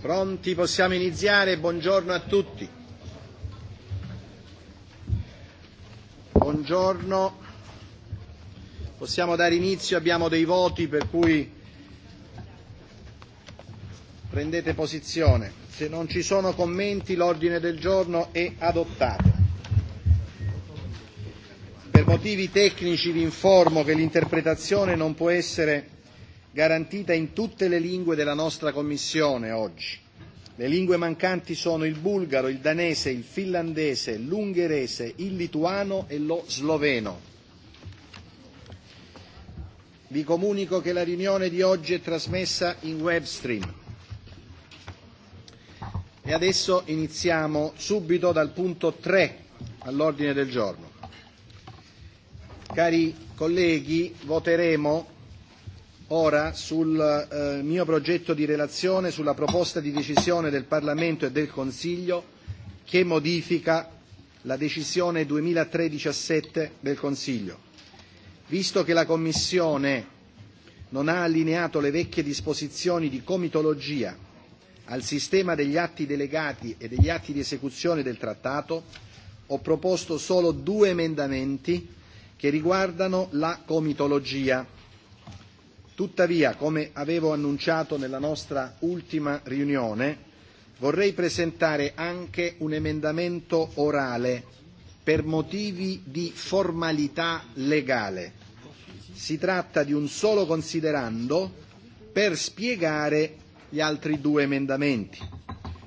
Pronti? Possiamo iniziare? Buongiorno a tutti. Buongiorno. Possiamo dare inizio, abbiamo dei voti per cui prendete posizione. Se non ci sono commenti l'ordine del giorno è adottato. Per motivi tecnici vi informo che l'interpretazione non può essere garantita in tutte le lingue della nostra Commissione oggi. Le lingue mancanti sono il bulgaro, il danese, il finlandese, l'ungherese, il lituano e lo sloveno. Vi comunico che la riunione di oggi è trasmessa in web stream. E adesso iniziamo subito dal punto 3 all'ordine del giorno. Cari colleghi, voteremo ora sul eh, mio progetto di relazione sulla proposta di decisione del Parlamento e del Consiglio che modifica la decisione 2003-17 del Consiglio. Visto che la Commissione non ha allineato le vecchie disposizioni di comitologia al sistema degli atti delegati e degli atti di esecuzione del Trattato, ho proposto solo due emendamenti che riguardano la comitologia Tuttavia, come avevo annunciato nella nostra ultima riunione, vorrei presentare anche un emendamento orale per motivi di formalità legale. Si tratta di un solo considerando per spiegare gli altri due emendamenti,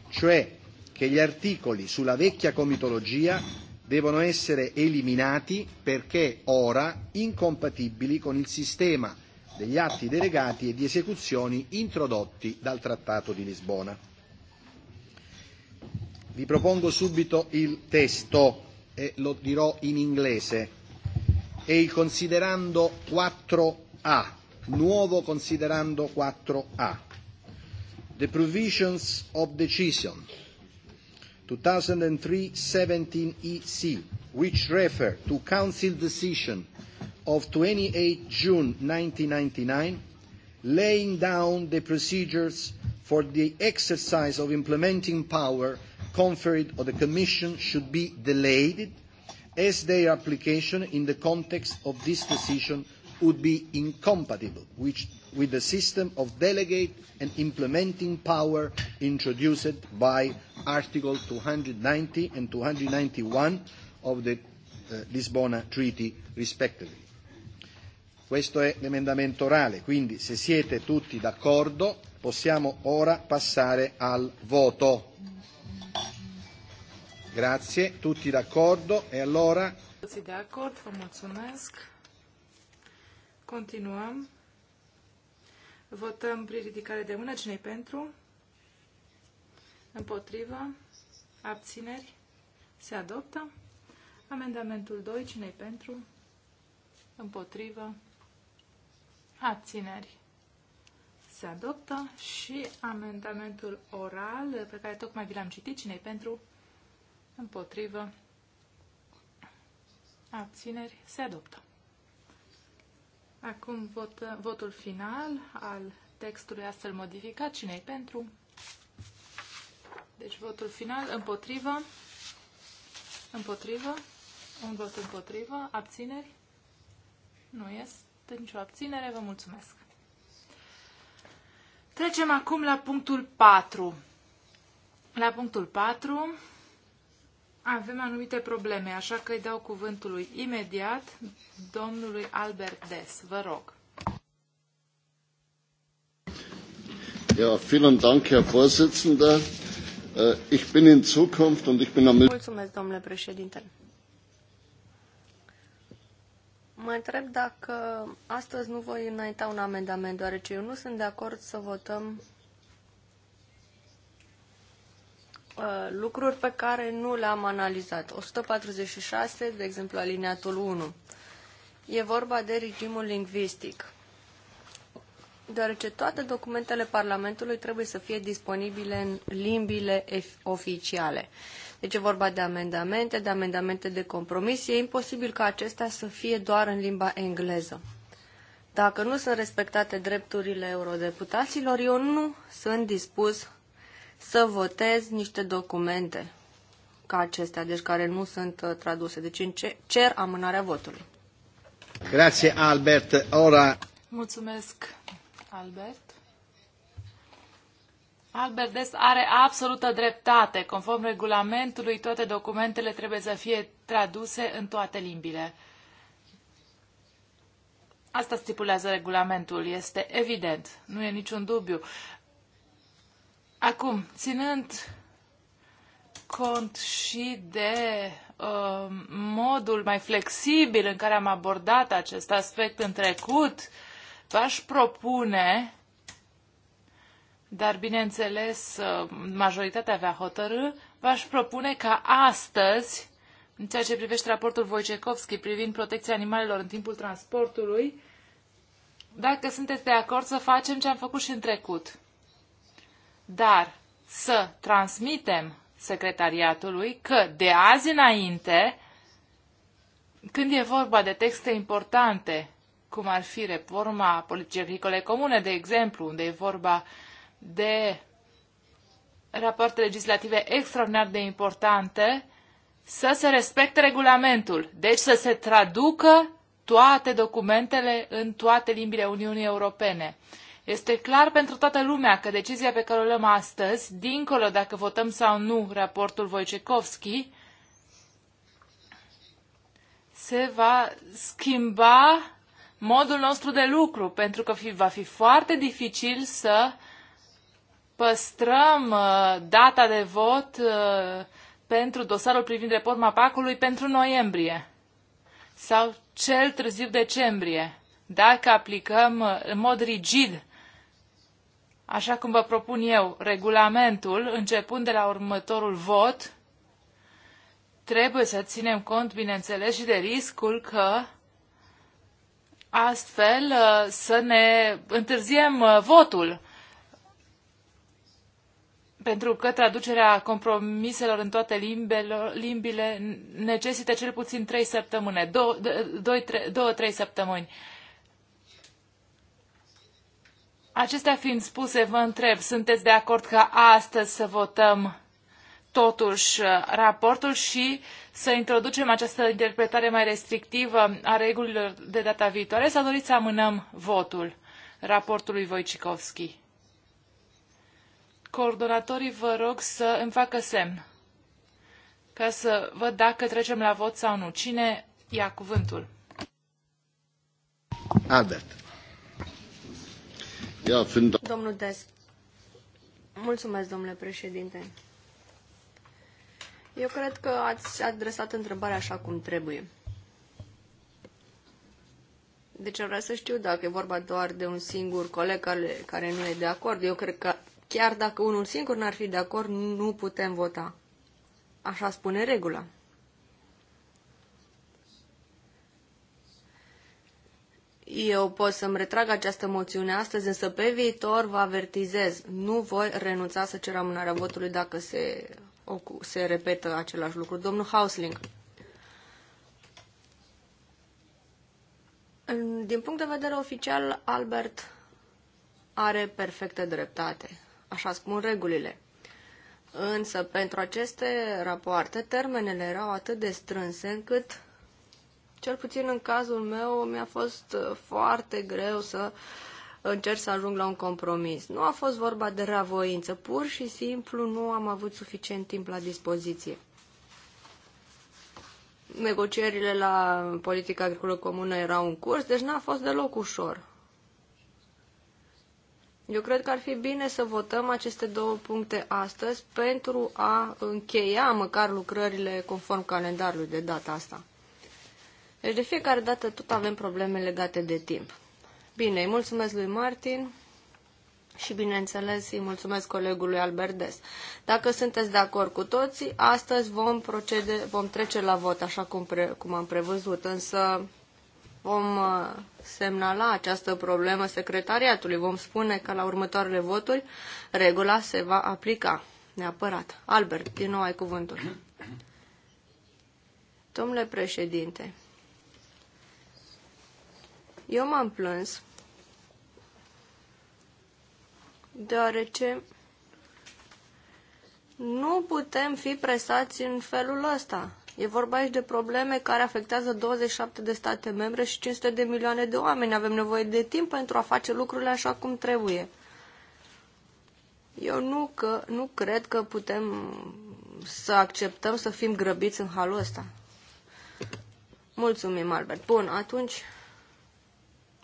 cioè che gli articoli sulla vecchia comitologia devono essere eliminati perché ora incompatibili con il sistema degli atti delegati e di esecuzioni introdotti dal Trattato di Lisbona. Vi propongo subito il testo e lo dirò in inglese. È il considerando 4A, nuovo considerando 4A. The provisions of decision 2003-17 EC, which refer to Council decision of 28 June 1999 laying down the procedures for the exercise of implementing power conferred on the Commission should be delayed as their application in the context of this decision would be incompatible which, with the system of delegate and implementing power introduced by Article 290 and 291 of the uh, Lisbona Treaty, respectively. Questo è l'emendamento orale, quindi se siete tutti d'accordo possiamo ora passare al voto. Grazie, tutti d'accordo e allora... Tutti d'accordo, acord, Continuăm. Votăm prin ridicare de mână. cine pentru? Împotrivă? Abțineri? Se adoptă. Amendamentul 2. cine pentru? Împotrivă? abțineri se adoptă și amendamentul oral pe care tocmai vi l-am citit. cine pentru? Împotrivă. Abțineri. Se adoptă. Acum vot, votul final al textului astfel modificat. cine pentru? Deci votul final împotrivă. Împotrivă. Un vot împotrivă. Abțineri. Nu este nicio abținere, vă mulțumesc. Trecem acum la punctul 4. La punctul 4 avem anumite probleme, așa că îi dau cuvântul lui imediat domnului Albert Des. Vă rog. Ja, vielen Dank, Herr Vorsitzender. Äh, ich bin in Zukunft und ich bin am Mulțumesc, domnule președinte. Mă întreb dacă astăzi nu voi înainta un amendament, deoarece eu nu sunt de acord să votăm uh, lucruri pe care nu le-am analizat. 146, de exemplu, aliniatul 1. E vorba de regimul lingvistic. Deoarece toate documentele Parlamentului trebuie să fie disponibile în limbile oficiale. Uh, deci e vorba de amendamente, de amendamente de compromis. E imposibil ca acestea să fie doar în limba engleză. Dacă nu sunt respectate drepturile eurodeputaților, eu nu sunt dispus să votez niște documente ca acestea, deci care nu sunt uh, traduse. Deci cer amânarea votului. Grazie, Albert. Ora... Mulțumesc, Albert. Albertes are absolută dreptate. Conform regulamentului, toate documentele trebuie să fie traduse în toate limbile. Asta stipulează regulamentul, este evident, nu e niciun dubiu. Acum, ținând cont și de uh, modul mai flexibil în care am abordat acest aspect în trecut, v-aș propune dar bineînțeles majoritatea avea hotărâ, v-aș propune ca astăzi, în ceea ce privește raportul Wojciechowski privind protecția animalelor în timpul transportului, dacă sunteți de acord să facem ce am făcut și în trecut. Dar să transmitem secretariatului că de azi înainte, când e vorba de texte importante, cum ar fi reforma politicii agricole comune, de exemplu, unde e vorba uh, de rapoarte legislative extraordinar de importante, să se respecte regulamentul, deci să se traducă toate documentele în toate limbile Uniunii Europene. Este clar pentru toată lumea că decizia pe care o luăm astăzi, dincolo dacă votăm sau nu raportul Wojciechowski, se va schimba modul nostru de lucru, pentru că va fi foarte dificil să uh, păstrăm uh, data de vot uh, pentru dosarul privind reforma PAC-ului pentru noiembrie sau cel târziu decembrie, dacă aplicăm uh, în mod rigid, așa cum vă propun eu, regulamentul, începând de la următorul vot, trebuie să ținem cont, bineînțeles, și de riscul că astfel să ne întârziem votul pentru că traducerea compromiselor în toate limbele, limbile necesită cel puțin trei săptămâni, două, trei tre, două, trei săptămâni. Acestea fiind spuse, vă întreb, sunteți de acord că astăzi să votăm totuși uh, raportul și să introducem această interpretare mai restrictivă a regulilor de data viitoare sau doriți să amânăm votul raportului Voicikovski. Coordonatorii vă rog să îmi facă semn ca să văd dacă trecem la vot sau nu. Cine ia cuvântul? Albert. Ia, fiind... Domnul Des. Mulțumesc, domnule președinte. Eu cred că ați adresat întrebarea așa cum trebuie. Deci vreau să știu dacă e vorba doar de un singur coleg care, care nu e de acord. Eu cred că Chiar dacă unul singur n-ar fi de acord, nu putem vota. Așa spune regula. Eu pot să-mi retrag această moțiune astăzi, însă pe viitor vă avertizez. Nu voi renunța să cer amânarea votului dacă se, se repetă același lucru. Domnul Hausling. Din punct de vedere oficial, Albert are perfectă dreptate așa spun regulile. Însă, pentru aceste rapoarte, termenele erau atât de strânse încât, cel puțin în cazul meu, mi-a fost uh, foarte greu să încerc să ajung la un compromis. Nu a fost vorba de ravoință, pur și simplu nu am avut suficient timp la dispoziție. Negocierile la politica agricolă comună erau în curs, deci n-a fost deloc ușor. Eu cred că ar fi bine să votăm aceste două puncte astăzi pentru a încheia măcar lucrările conform calendarului de data asta. Deci de fiecare dată tot avem probleme legate de timp. Bine, îi mulțumesc lui Martin și bineînțeles îi mulțumesc colegului Albertes. Dacă sunteți de acord cu toții, astăzi vom, procede, vom trece la vot așa cum, pre, cum am prevăzut, însă vom uh, semnala această problemă secretariatului. Vom spune că la următoarele voturi regula se va aplica. Neapărat. Albert, din nou ai cuvântul. Domnule președinte, eu m-am plâns deoarece nu putem fi presați în felul ăsta. E vorba aici de probleme care afectează 27 de state membre și 500 de milioane de oameni. Avem nevoie de timp pentru a face lucrurile așa cum trebuie. Eu nu, că, nu cred că putem să acceptăm să fim grăbiți în halul ăsta. Mulțumim, Albert. Bun, atunci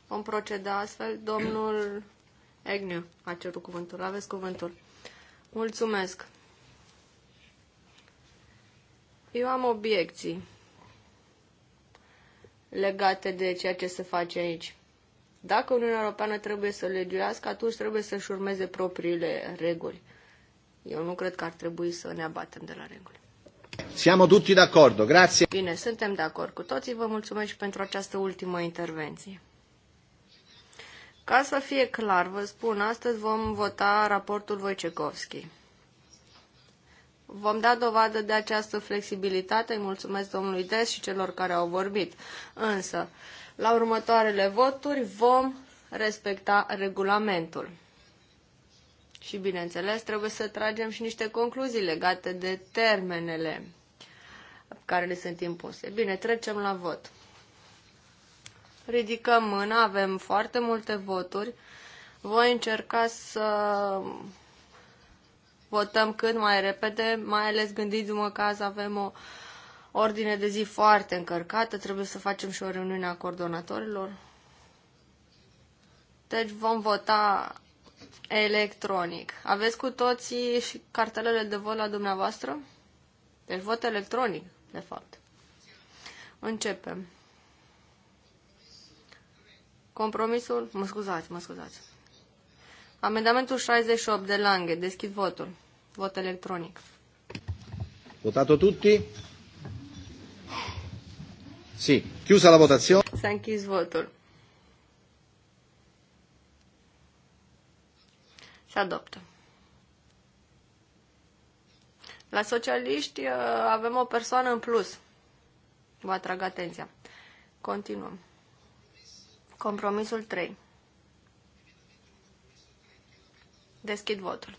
vom proceda astfel. Domnul Egniu a cerut cuvântul. Aveți cuvântul. Mulțumesc. Eu am obiecții legate de ceea ce se face aici. Dacă Uniunea Europeană trebuie să legiuiască, atunci trebuie să-și urmeze propriile reguli. Eu nu cred că ar trebui să ne abatem de la reguli. Siamo tutti d'accordo, grazie. Bine, suntem de acord cu toții. Vă mulțumesc și pentru această ultimă intervenție. Ca să fie clar, vă spun, astăzi vom vota raportul Wojciechowski. Vom da dovadă de această flexibilitate. Îi mulțumesc domnului Des și celor care au vorbit. Însă, la următoarele voturi vom respecta regulamentul. Și, bineînțeles, trebuie să tragem și niște concluzii legate de termenele care le sunt impuse. Bine, trecem la vot. Ridicăm mâna, avem foarte multe voturi. Voi încerca să votăm cât mai repede, mai ales gândindu-mă că azi avem o ordine de zi foarte încărcată, trebuie să facem și o reuniune a coordonatorilor. Deci vom vota electronic. Aveți cu toții și cartelele de vot la dumneavoastră? Deci vot electronic, de fapt. Începem. Compromisul, mă scuzați, mă scuzați. Amendamentul 68 de Lange. Deschid votul. Vot electronic. o tutti? Sì. Chiusa la votazione. S-a închis votul. Se adoptă. La socialiști uh, avem o persoană în plus. Vă atrag atenția. Continuăm. Compromisul 3. Deschid votul.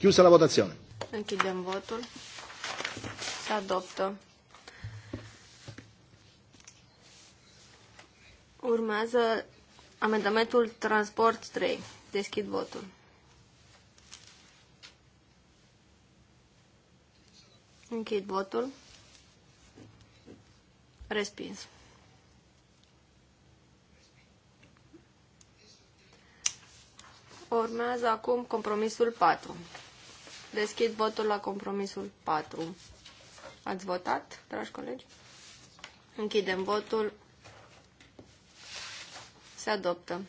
Chiusă la votazione. Închidem votul. Se adoptă. Urmează amendamentul transport 3. Deschid votul. Închid votul. Respins. Urmează acum compromisul 4. Deschid votul la compromisul 4. Ați votat, dragi colegi? Închidem votul. Se adoptă.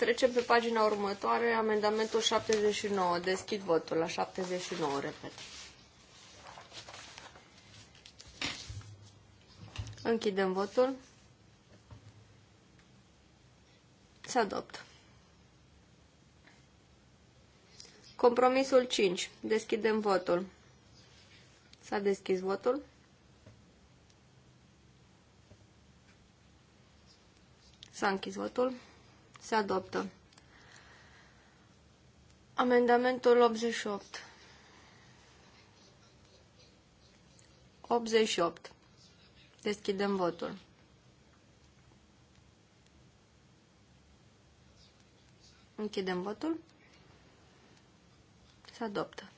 Trecem pe pagina următoare, amendamentul 79. Deschid votul la 79, repet. Închidem votul. Se adoptă. Compromisul 5. Deschidem votul. S-a deschis votul. S-a închis votul. Se adoptă. Amendamentul 88. 88. Deschidem votul. Închidem votul. Se adoptă.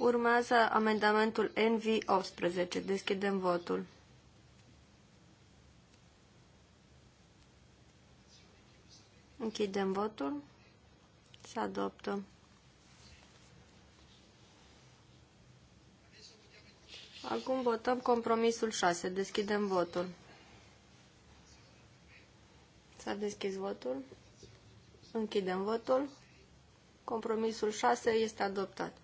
Urmează amendamentul NV18. Deschidem votul. Închidem votul. Se adoptă. Acum votăm compromisul 6. Deschidem votul. S-a deschis votul. Închidem votul. Compromisul 6 este adoptat.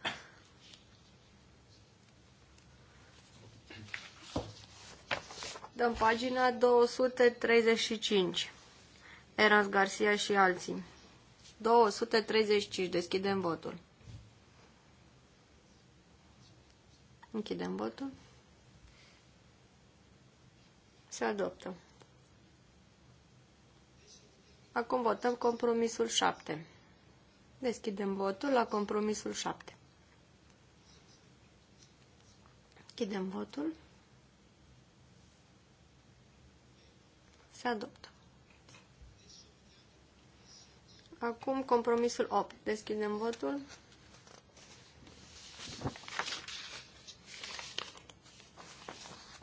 Dăm pagina 235. Eras Garcia și alții. 235. Deschidem votul. Închidem votul. Se adoptă. Acum votăm compromisul 7. Deschidem votul la compromisul 7. Închidem votul. Se adoptă. Acum compromisul 8. Deschidem votul.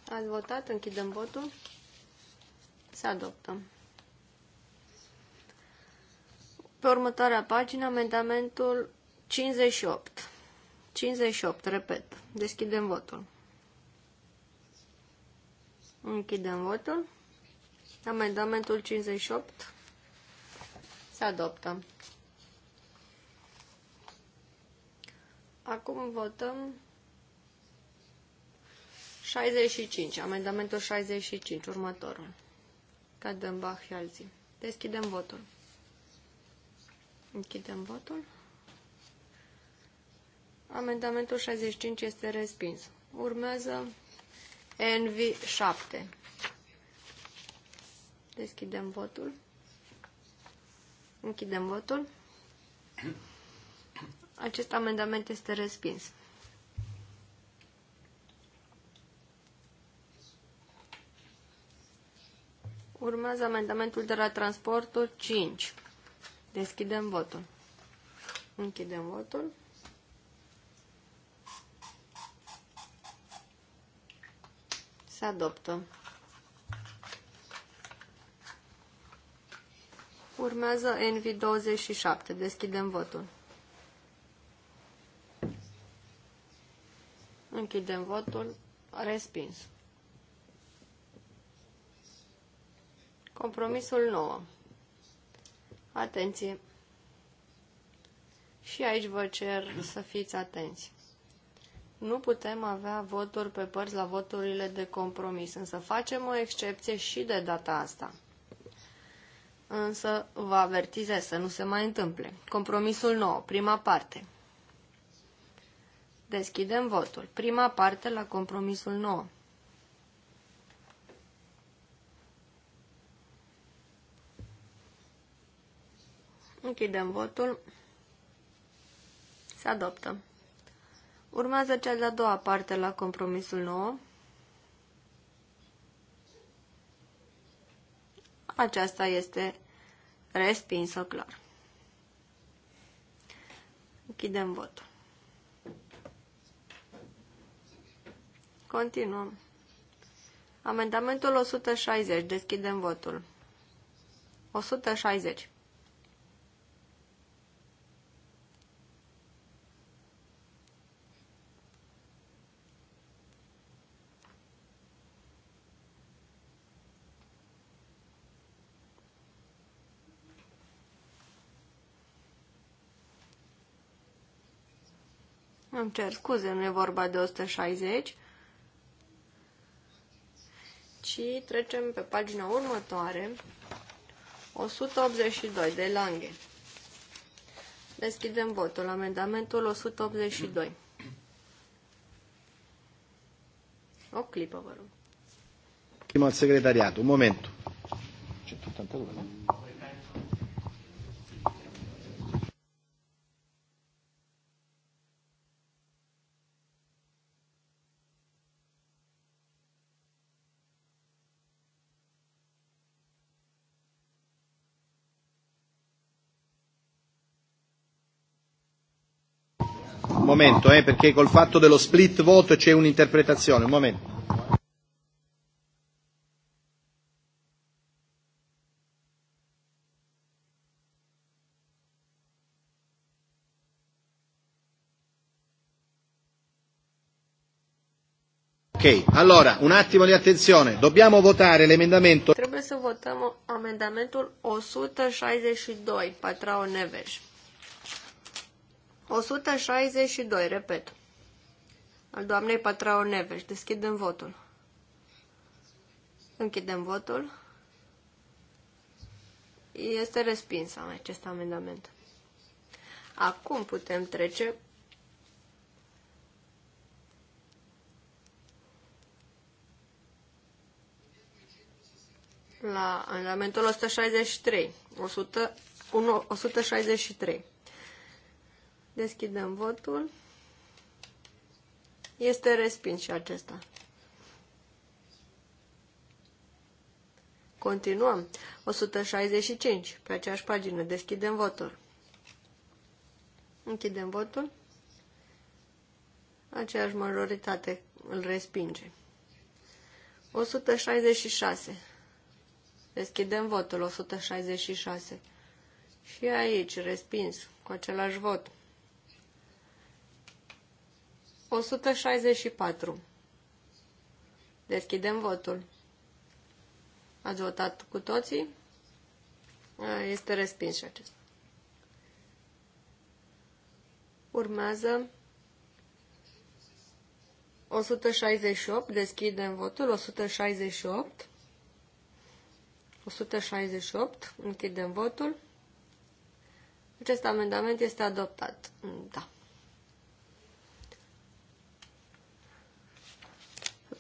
Ați votat, închidem votul. Se adoptă. Pe următoarea pagină, amendamentul 58. 58, repet. Deschidem votul. Închidem votul. Amendamentul 58 se adoptă. Acum votăm 65, amendamentul 65, următorul. Bach și alții. Deschidem votul. Închidem votul. Amendamentul 65 este respins. Urmează NV7. Deschidem votul. Închidem votul. Acest amendament este respins. Urmează amendamentul de la transportul 5. Deschidem votul. Închidem votul. Se adoptă. Urmează NV27. Deschidem votul. Închidem votul. Respins. Compromisul 9. Atenție! Și aici vă cer să fiți atenți. Nu putem avea voturi pe părți la voturile de compromis, însă facem o excepție și de data asta însă vă avertizez să nu se mai întâmple. Compromisul 9, prima parte. Deschidem votul. Prima parte la compromisul 9. Închidem votul. Se adoptă. Urmează cea de-a doua parte la compromisul 9. Aceasta este Respinsă, clar. Închidem votul. Continuăm. Amendamentul 160. Deschidem votul. 160. Îmi cer scuze, nu e vorba de 160, Și trecem pe pagina următoare, 182 de Lange. Deschidem votul, amendamentul 182. O clipă, vă rog. Prima secretariat, un moment. momento, eh, perché col fatto dello split vote c'è un'interpretazione, un momento. Ok, allora un attimo di attenzione, dobbiamo votare l'emendamento. Trebuie să votăm amendamentul 162, patrao Neves. 162, repet. Al doamnei Patrao Neveș. Deschidem votul. Închidem votul. Este respins acest amendament. Acum putem trece la amendamentul 163. 100, 1, 163. Deschidem votul. Este respins și acesta. Continuăm. 165. Pe aceeași pagină. Deschidem votul. Închidem votul. Aceeași majoritate îl respinge. 166. Deschidem votul 166. Și aici, respins, cu același vot. 164. Deschidem votul. Ați votat cu toții? Este respins și acesta. Urmează 168, deschidem votul, 168, 168, închidem votul. Acest amendament este adoptat. Da.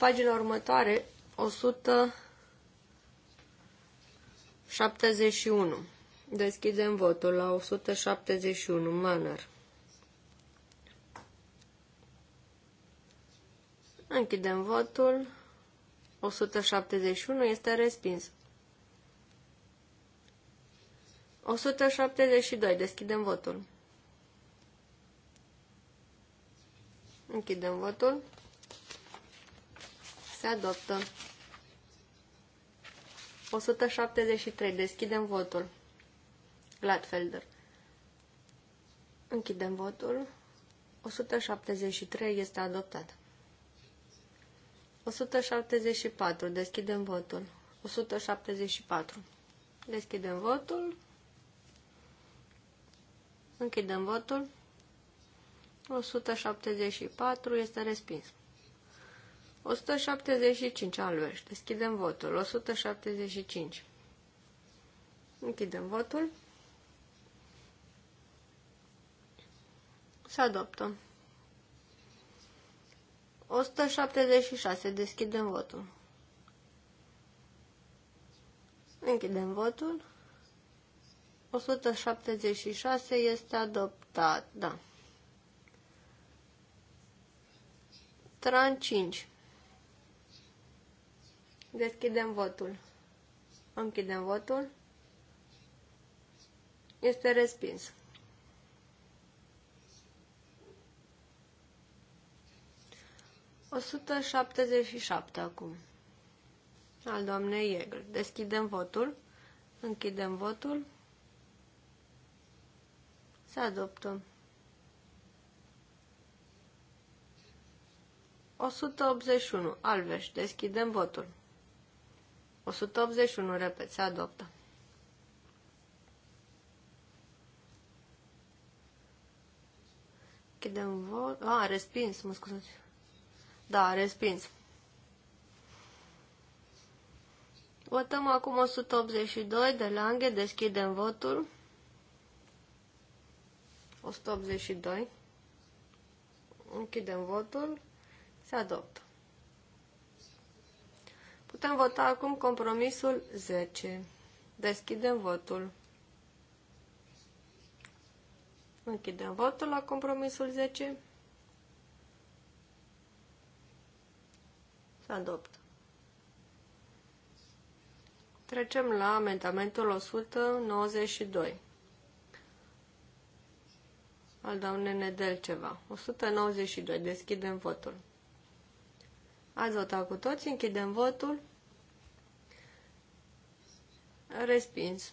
pagina următoare, 171. Deschidem votul la 171, Manner. Închidem votul. 171 este respins. 172. Deschidem votul. Închidem votul. Se adoptă. 173. Deschidem votul. Gladfelder. Închidem votul. 173 este adoptat. 174. Deschidem votul. 174. Deschidem votul. Închidem votul. 174 este respins. 175 alveș. Deschidem votul. 175. Închidem votul. Se adoptă. 176. Deschidem votul. Închidem votul. 176 este adoptat, da. Tran 5. Deschidem votul. Închidem votul. Este respins. O acum. Al doamnei Egl. Deschidem votul. Închidem votul. Se adoptă. 181. Alveș. Deschidem votul. 181, repet, se adoptă. Chidem vol... A, ah, respins, mă scuzați. Da, respins. Votăm acum 182 de langhe, deschidem votul. 182. Închidem votul. Se adoptă. Putem vota acum compromisul 10. Deschidem votul. Închidem votul la compromisul 10. Se adoptă. Trecem la amendamentul 192. Al doamne Nedel ceva. 192. Deschidem votul. Ați votat cu toți, închidem votul. Respins.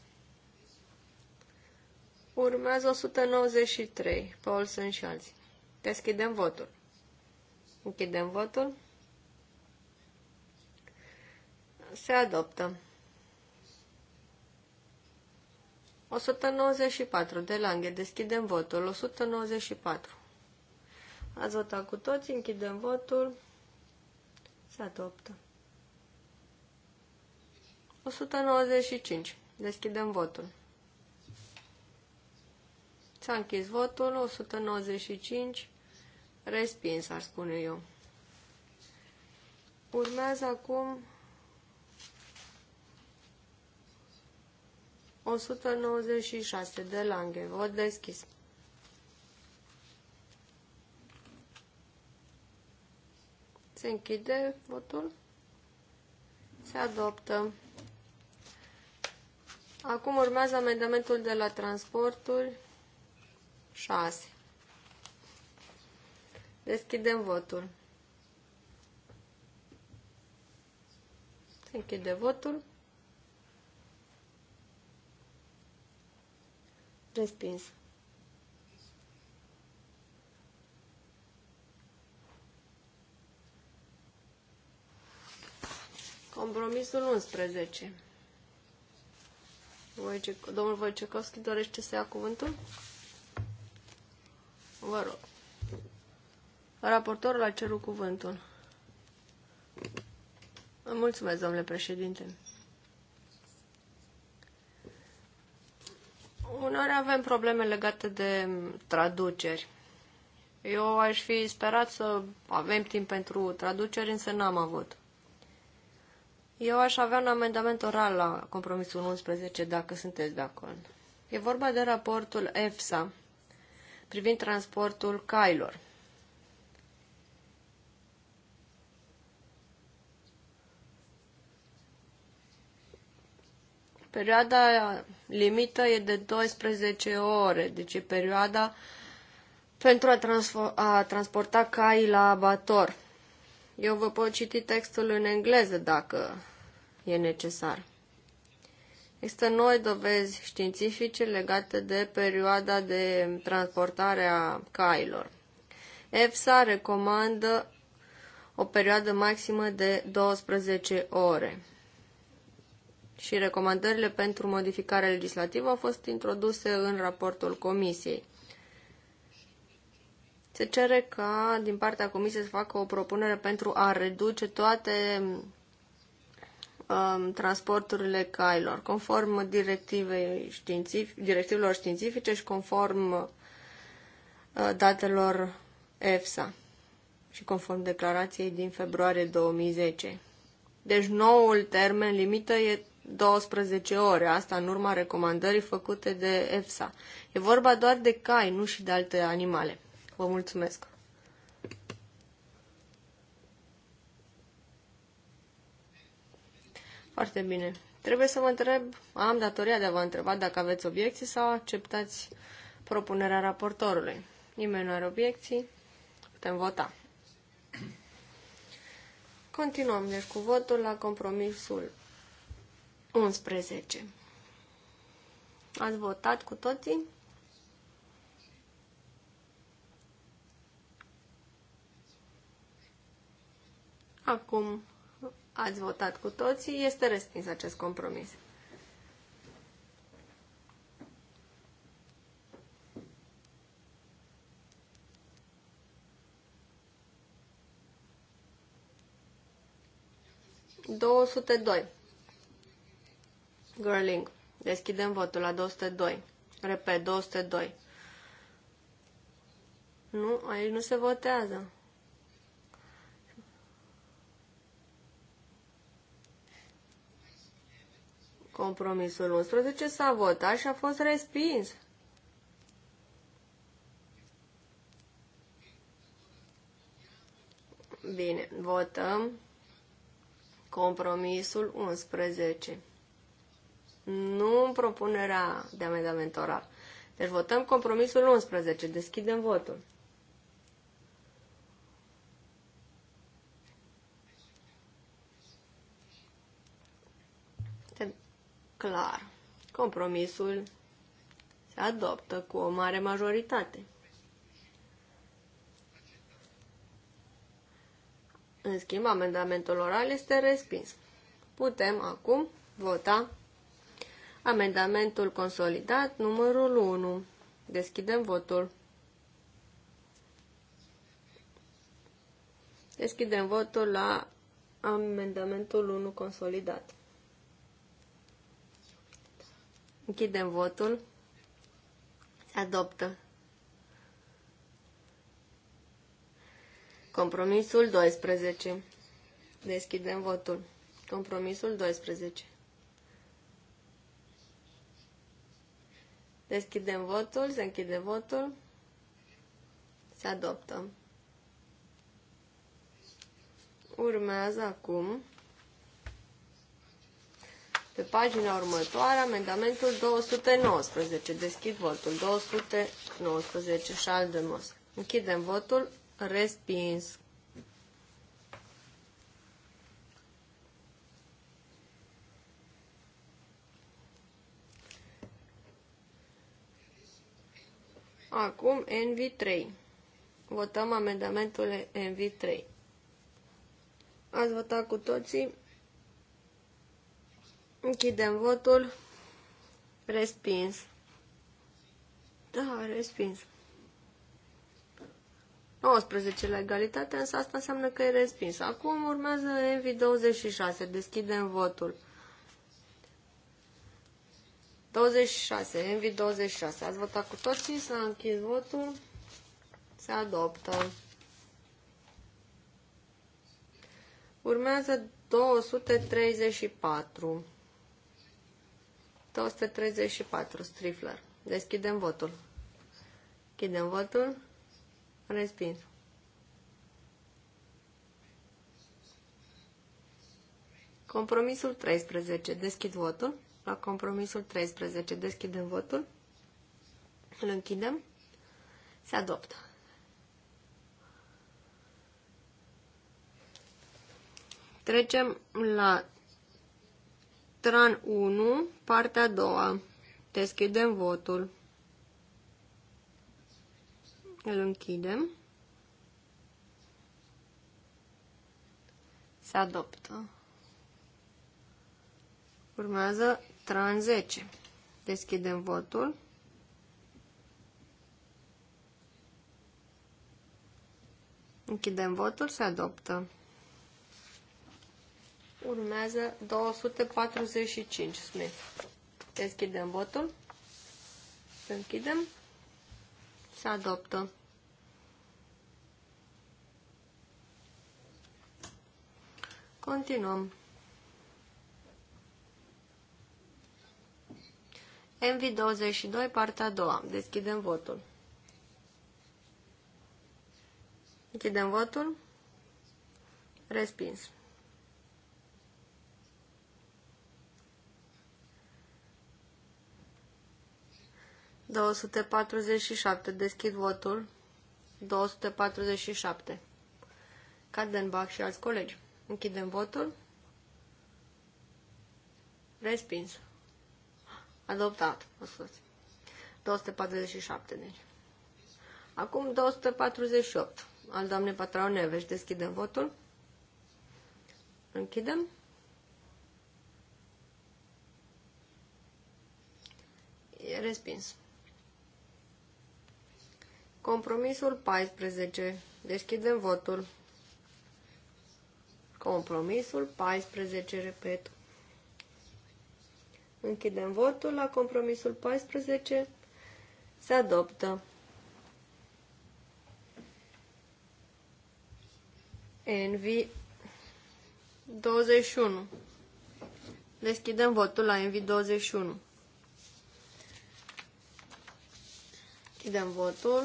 Urmează 193, sunt și alții. Deschidem votul. Închidem votul. Se adoptă. 194 de langhe. Deschidem votul. 194. Ați votat cu toți. Închidem votul se adoptă. 195. Deschidem votul. S-a închis votul, 195, respins, ar spune eu. Urmează acum 196 de lange, vot deschis. Se închide votul. Se adoptă. Acum urmează amendamentul de la transporturi 6. Deschidem votul. Se închide votul. Respins. Compromisul 11. Domnul Wojciechowski dorește să ia cuvântul? Vă rog. Raportorul a cerut cuvântul. Mulțumesc, domnule președinte. Uneori avem probleme legate de traduceri. Eu aș fi sperat să avem timp pentru traduceri, însă n-am avut. Eu aș avea un amendament oral la compromisul 11, dacă sunteți de acord. E vorba de raportul EFSA privind transportul cailor. Perioada limită e de 12 ore, deci e perioada pentru a, a transporta cai la abator. Eu vă pot citi textul în engleză dacă e necesar. Există noi dovezi științifice legate de perioada de transportare a cailor. EFSA recomandă o perioadă maximă de 12 ore. Și recomandările pentru modificarea legislativă au fost introduse în raportul comisiei. Se cere ca din partea comisiei să facă o propunere pentru a reduce toate um, transporturile cailor, conform directivei directivelor științifice și conform uh, datelor EFSA și conform declarației din februarie 2010. Deci noul termen limită e 12 ore, asta în urma recomandării făcute de EFSA. E vorba doar de cai, nu și de alte animale. Vă mulțumesc! Foarte bine. Trebuie să vă întreb, am datoria de a vă întreba dacă aveți obiecții sau acceptați propunerea raportorului. Nimeni nu are obiecții, putem vota. Continuăm, deci, cu votul la compromisul 11. Ați votat cu toții? Acum Ați votat cu toții. Este respins acest compromis. doi. Girling. Deschidem votul la 202. Repet, 202. Nu, aici nu se votează. Compromisul 11 s-a votat și a fost respins. Bine, votăm compromisul 11. Nu în propunerea de amendament oral. Deci votăm compromisul 11. Deschidem votul. clar. Compromisul se adoptă cu o mare majoritate. În schimb, amendamentul oral este respins. Putem acum vota amendamentul consolidat numărul 1. Deschidem votul. Deschidem votul la amendamentul 1 consolidat. Închidem votul. adoptă. Compromisul 12. Deschidem votul. Compromisul 12. Deschidem votul, se închide votul, se adoptă. Urmează acum pe pagina următoare, amendamentul 219. Deschid votul. 219. mos. Închidem votul. Respins. Acum NV3. Votăm amendamentul NV3. Ați votat cu toții? Închidem votul. Respins. Da, respins. 19 la egalitate, însă asta înseamnă că e respins. Acum urmează MV26. Deschidem votul. 26, MV26. Ați votat cu toții, s-a închis votul, se adoptă. Urmează 234. 234, Strifler. Deschidem votul. Închidem votul. Respins. Compromisul 13. Deschid votul. La compromisul 13 deschidem votul. Îl închidem. Se adoptă. Trecem la Tran 1, partea a doua. Deschidem votul. Îl închidem. Se adoptă. Urmează tran 10. Deschidem votul. Închidem votul, se adoptă. Urmează 245 Smith. Deschidem votul. Să închidem. Să adoptă. Continuăm. MV22, partea a doua. Deschidem votul. Închidem votul. Respins. 247. Deschid votul. 247. Cadenbach și alți colegi. Închidem votul. Respins. Adoptat. 247, deci. Acum 248. Al doamnei Patrao Neveș. Deschidem votul. Închidem. E respins. Compromisul 14. Deschidem votul. Compromisul 14, repet. Închidem votul la compromisul 14. Se adoptă. Envi 21. Deschidem votul la Envi 21. Închidem votul.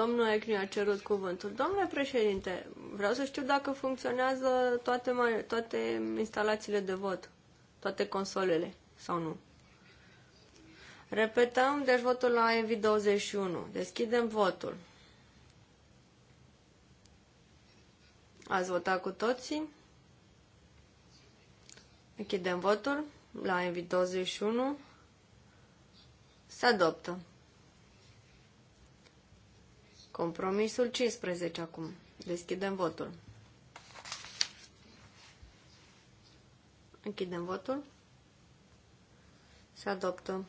Domnul Ecniu a cerut cuvântul. Domnule președinte, vreau să știu dacă funcționează toate, toate instalațiile de vot, toate consolele sau nu. Repetăm, deci votul la EV21. Deschidem votul. Ați votat cu toții? Închidem votul la EV21. Se adoptă. Compromisul 15 acum. Deschidem votul. Închidem votul. Se adoptă.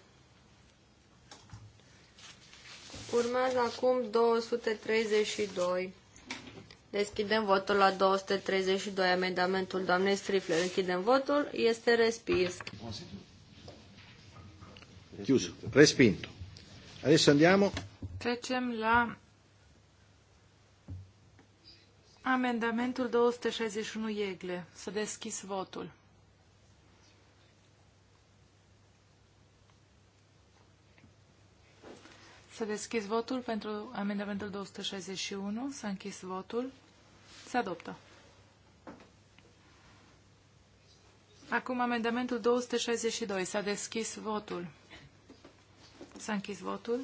Urmează acum 232. Deschidem votul la 232, amendamentul doamnei Strifler. Închidem votul. Este respins. Chiuso. Respinto. Adesso andiamo. Trecem la Amendamentul 261 Iegle. Să deschis votul. Să deschis votul pentru amendamentul 261. S-a închis votul. Se adoptă. Acum amendamentul 262. S-a deschis votul. S-a închis votul.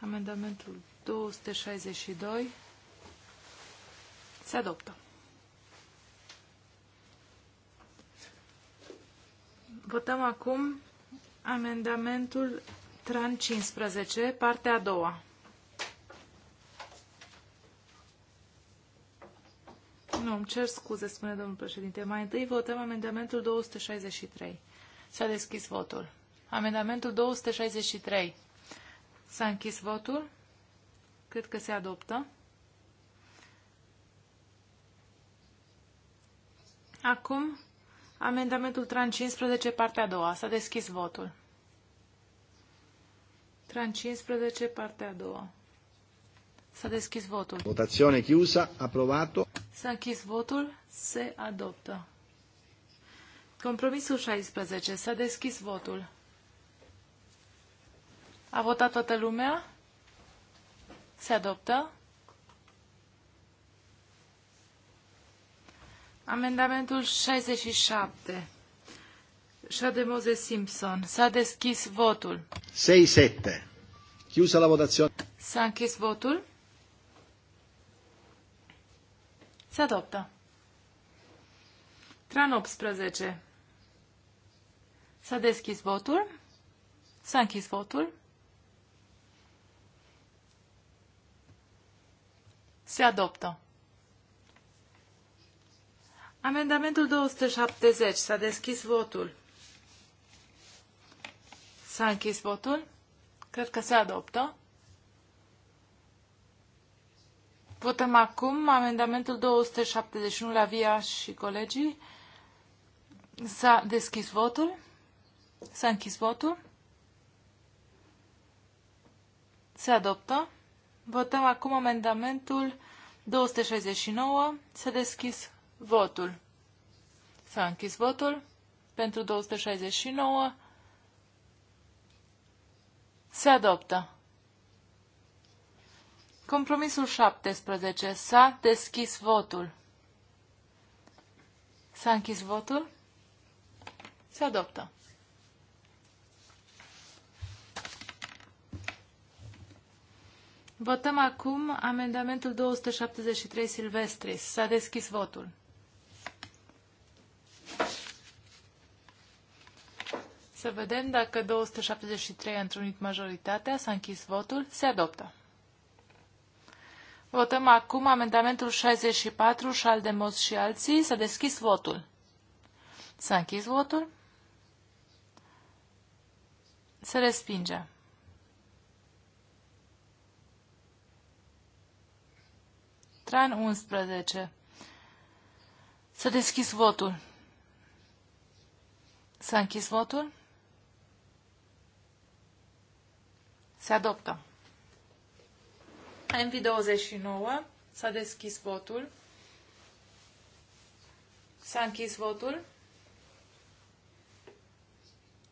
Amendamentul 262 se adoptă. Votăm acum amendamentul TRAN 15, partea a doua. Nu, îmi cer scuze, spune domnul președinte. Mai întâi votăm amendamentul 263. S-a deschis votul. Amendamentul 263. S-a închis votul. Cred că se adoptă. Acum, amendamentul tran 15, partea a doua. S-a deschis votul. Tran 15, partea a doua. S-a deschis votul. Votazione chiusa, aprovato. S-a închis votul, se adoptă. Compromisul 16. S-a deschis votul. A votat toată lumea? Se adoptă? Amendamentul 67. de Moze Simpson. S-a deschis votul. 6-7. la votație. S-a închis votul. Se adoptă. Tran 18. S-a deschis votul. S-a închis votul. Se adoptă. Amendamentul 270. S-a deschis votul. S-a închis votul. Cred că se adoptă. Votăm acum amendamentul 271 la VIA și colegii. S-a deschis votul. S-a închis votul. Se adoptă. Votăm acum amendamentul 269. S-a deschis Votul. S-a închis votul. Pentru 269 se adoptă. Compromisul 17. S-a deschis votul. S-a închis votul. Se adoptă. Votăm acum amendamentul 273 Silvestris. S-a deschis votul. Să vedem dacă 273 a întrunit majoritatea, s-a închis votul, se adoptă. Votăm acum amendamentul 64, Șaldemos și alții. S-a deschis votul. S-a închis votul. Se respinge. Tran 11. S-a deschis votul. S-a închis votul. Se adoptă. MV29. S-a deschis votul. S-a închis votul.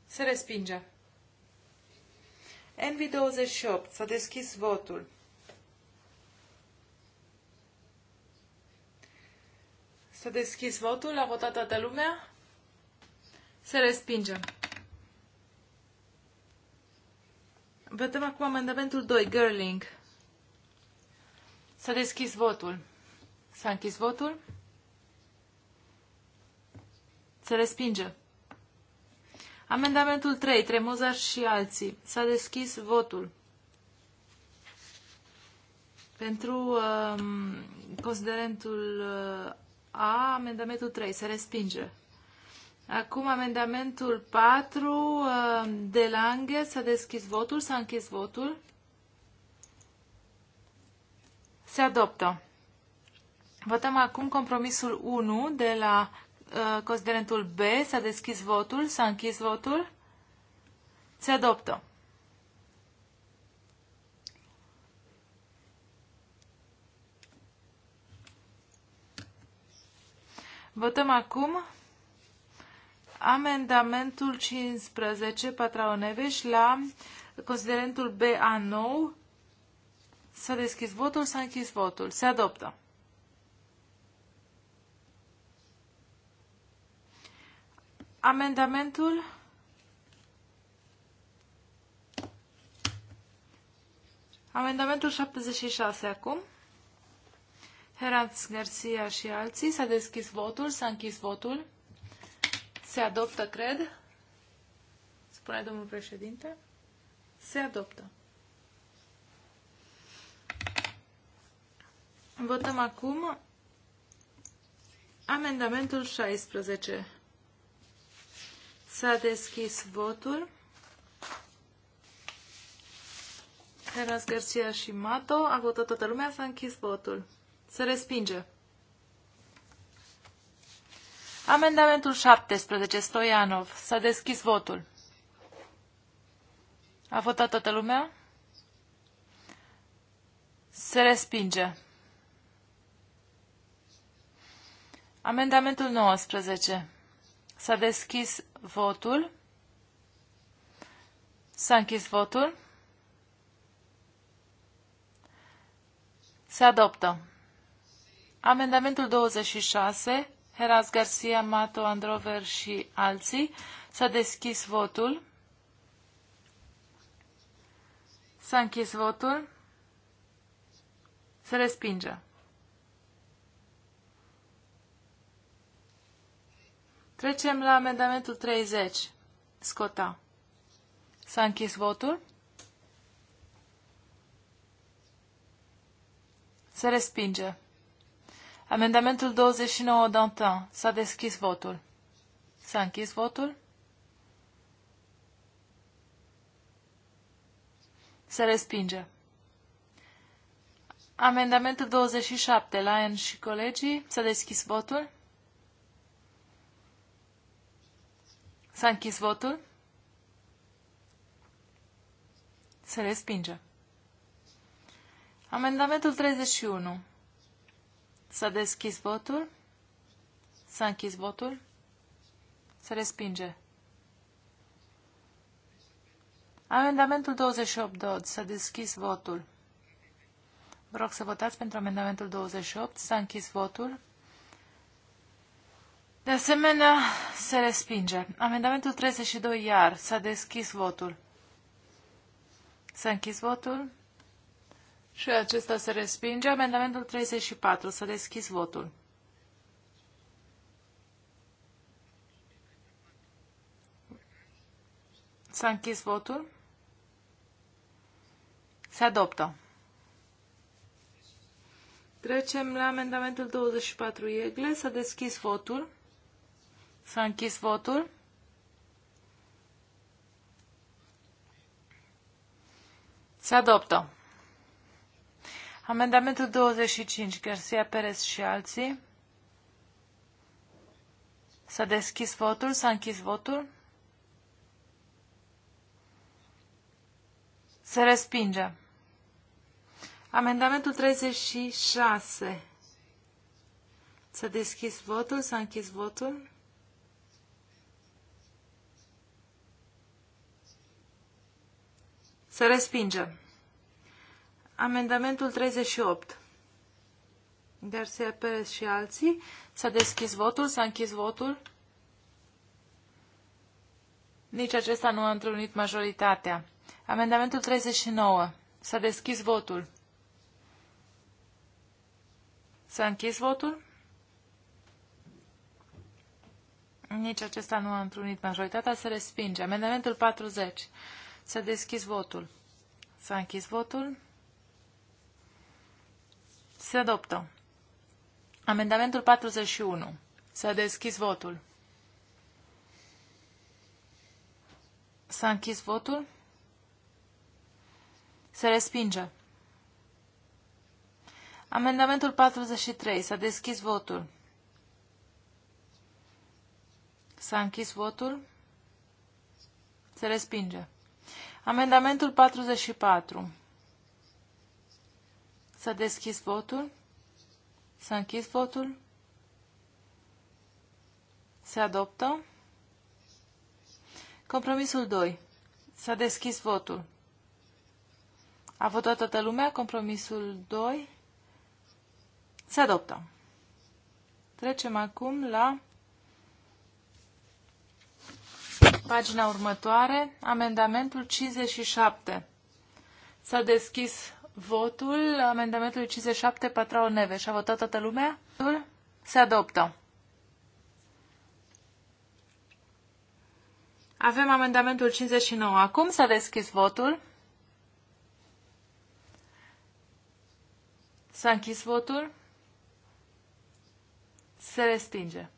Se respinge. NV28. S-a deschis votul. S-a deschis votul. A votat toată lumea. Se respinge. Vedem acum amendamentul 2, Girling. S-a deschis votul. S-a închis votul. Se respinge. Amendamentul 3, Tremuzar și alții. S-a deschis votul. Pentru um, considerentul uh, A, amendamentul 3, se respinge. Acum amendamentul 4 uh, de Lange. S-a deschis votul, s-a închis votul. Se adoptă. Votăm acum compromisul 1 de la uh, considerentul B. S-a deschis votul, s-a închis votul. Se adoptă. Votăm acum amendamentul 15 Patraoneveș la considerentul BA9. S-a deschis votul, s-a închis votul. Se adoptă. Amendamentul Amendamentul 76 acum. Heranz Garcia și alții. S-a deschis votul, s-a închis votul. Se adoptă, cred? Spune domnul președinte. Se adoptă. Votăm acum amendamentul 16. S-a deschis votul. Era Garcia și Mato. A votat toată lumea, s-a închis votul. Se respinge. Amendamentul 17, Stoianov. S-a deschis votul. A votat toată lumea? Se respinge. Amendamentul 19. S-a deschis votul. S-a închis votul. Se adoptă. Amendamentul 26 Heras Garcia, Mato, Androver și alții. S-a deschis votul. S-a închis votul. Se respinge. Trecem la amendamentul 30. Scota. S-a închis votul. Se respinge. Amendamentul 29 Dantin. S-a deschis votul. S-a închis votul. Se respinge. Amendamentul 27, Lion și colegii. S-a deschis votul. S-a închis votul. Se respinge. Amendamentul 31. S-a deschis votul. S-a închis votul. Se respinge. Amendamentul 28, Dod. S-a deschis votul. Vă rog să votați pentru amendamentul 28. S-a închis votul. De asemenea, se respinge. Amendamentul 32, iar. S-a deschis votul. S-a închis votul. Și acesta se respinge. Amendamentul 34. Să deschis votul. S-a închis votul. Se adoptă. Trecem la amendamentul 24 Iegle. S-a deschis votul. S-a închis votul. Se adoptă. Amendamentul 25, Garcia Perez și alții. S-a deschis votul, s-a închis votul. Se respinge. Amendamentul 36. S-a deschis votul, s-a închis votul. Se respinge. Amendamentul 38. Garcia Perez și alții. S-a deschis votul, s-a închis votul. Nici acesta nu a întrunit majoritatea. Amendamentul 39. S-a deschis votul. S-a închis votul? Nici acesta nu a întrunit majoritatea. Se respinge. Amendamentul 40. S-a deschis votul. S-a închis votul. Se adoptă. Amendamentul 41. S-a deschis votul. S-a închis votul. Se respinge. Amendamentul 43. S-a deschis votul. S-a închis votul. Se respinge. Amendamentul 44. S-a deschis votul. S-a închis votul. Se adoptă. Compromisul 2. S-a deschis votul. A votat toată lumea. Compromisul 2. Se adoptă. Trecem acum la pagina următoare, amendamentul 57. S-a deschis votul amendamentului 57 Patrao Neve. Și-a votat toată lumea? Se adoptă. Avem amendamentul 59. Acum s-a deschis votul. S-a închis votul. Se respinge.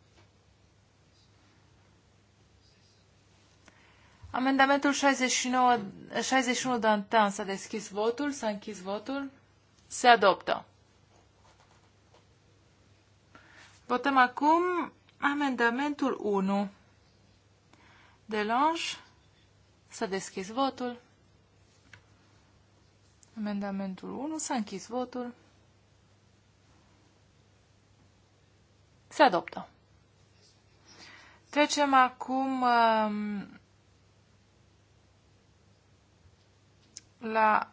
Amendamentul 69, 61 Dantan s-a deschis votul, s-a închis votul, se adoptă. Votăm acum amendamentul 1. Delange s-a deschis votul. Amendamentul 1 s-a închis votul. Se adoptă. Trecem acum Uh, la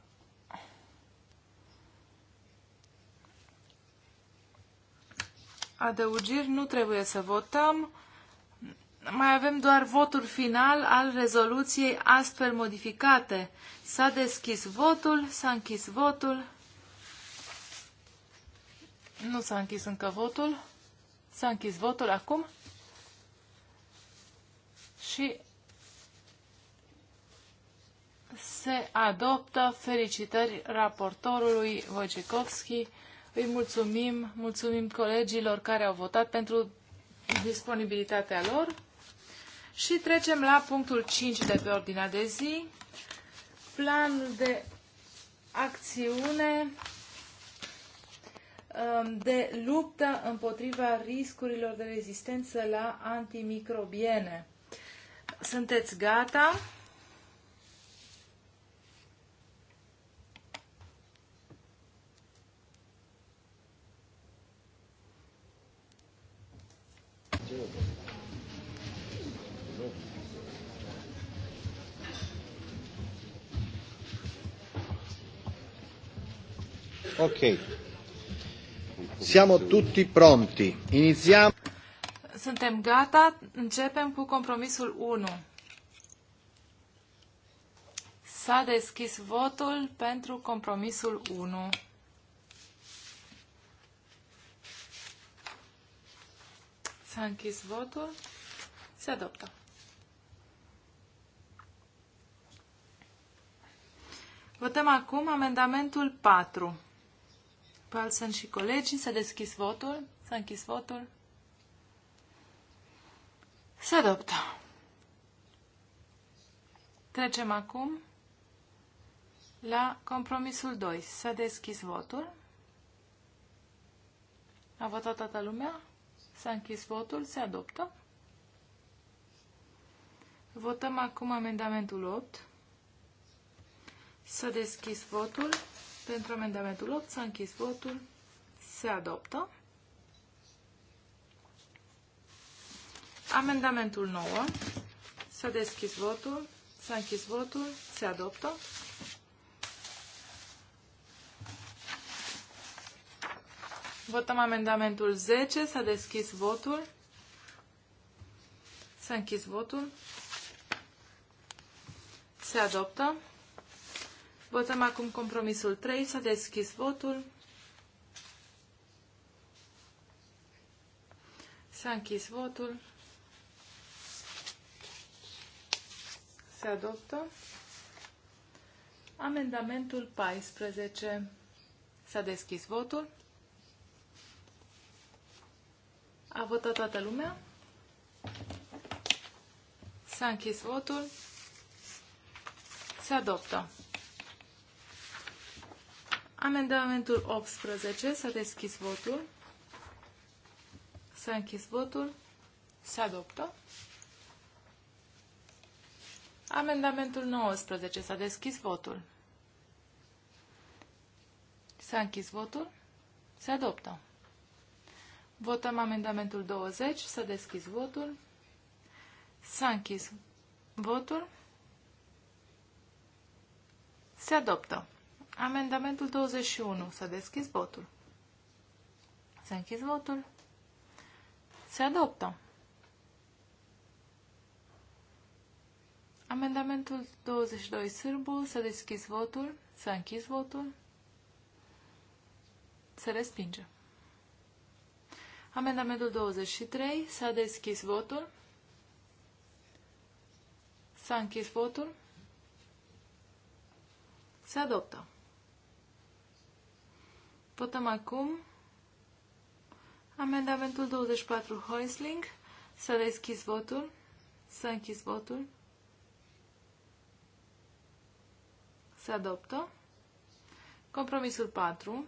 adăugiri nu trebuie să votăm. Mai avem doar votul final al rezoluției astfel modificate. S-a deschis votul, s-a închis votul. Nu s-a închis încă votul. S-a închis votul acum. Și se adoptă. Felicitări raportorului Wojciechowski. Îi mulțumim, mulțumim colegilor care au votat pentru disponibilitatea lor. Și trecem la punctul 5 de pe ordinea de zi. Plan de acțiune um, de luptă împotriva riscurilor de rezistență la antimicrobiene. Sunteți gata? Ok. Siamo tutti pronti. Iniziamo. Suntem gata, începem cu compromisul 1. S-a deschis votul pentru compromisul 1. S-a închis votul. Se adoptă. Votăm acum amendamentul 4. Palsen și colegii, s-a deschis votul, s-a închis votul. Se adoptă. Trecem acum la compromisul 2. S-a deschis votul. A votat toată lumea? S-a închis votul. Se adoptă. Votăm acum amendamentul 8. S-a deschis votul. Pentru amendamentul 8 s-a închis votul. Se adoptă. Amendamentul 9. S-a deschis votul. S-a închis votul. Se adoptă. Votăm amendamentul 10. S-a deschis votul. S-a închis votul. Se adoptă. Votăm acum compromisul 3. S-a deschis votul. S-a închis votul. Se adoptă. Amendamentul 14. S-a deschis votul. A votat toată lumea. S-a închis votul. Se adoptă. Amendamentul 18. S-a deschis votul. S-a închis votul. Se adoptă. Amendamentul 19. S-a deschis votul. S-a închis votul. Se adoptă. Votăm amendamentul 20. Să deschis votul. S-a închis votul. Se adoptă. Amendamentul 21. S-a deschis votul. S-a închis votul. Se adoptă. Amendamentul 22 sârbu, să deschis votul, să închis votul, se respinge. Amendamentul 23. S-a deschis votul. S-a închis votul. Se adoptă. Votăm acum amendamentul 24 Hoisling. S-a deschis votul. S-a închis votul. Se adoptă. Compromisul 4.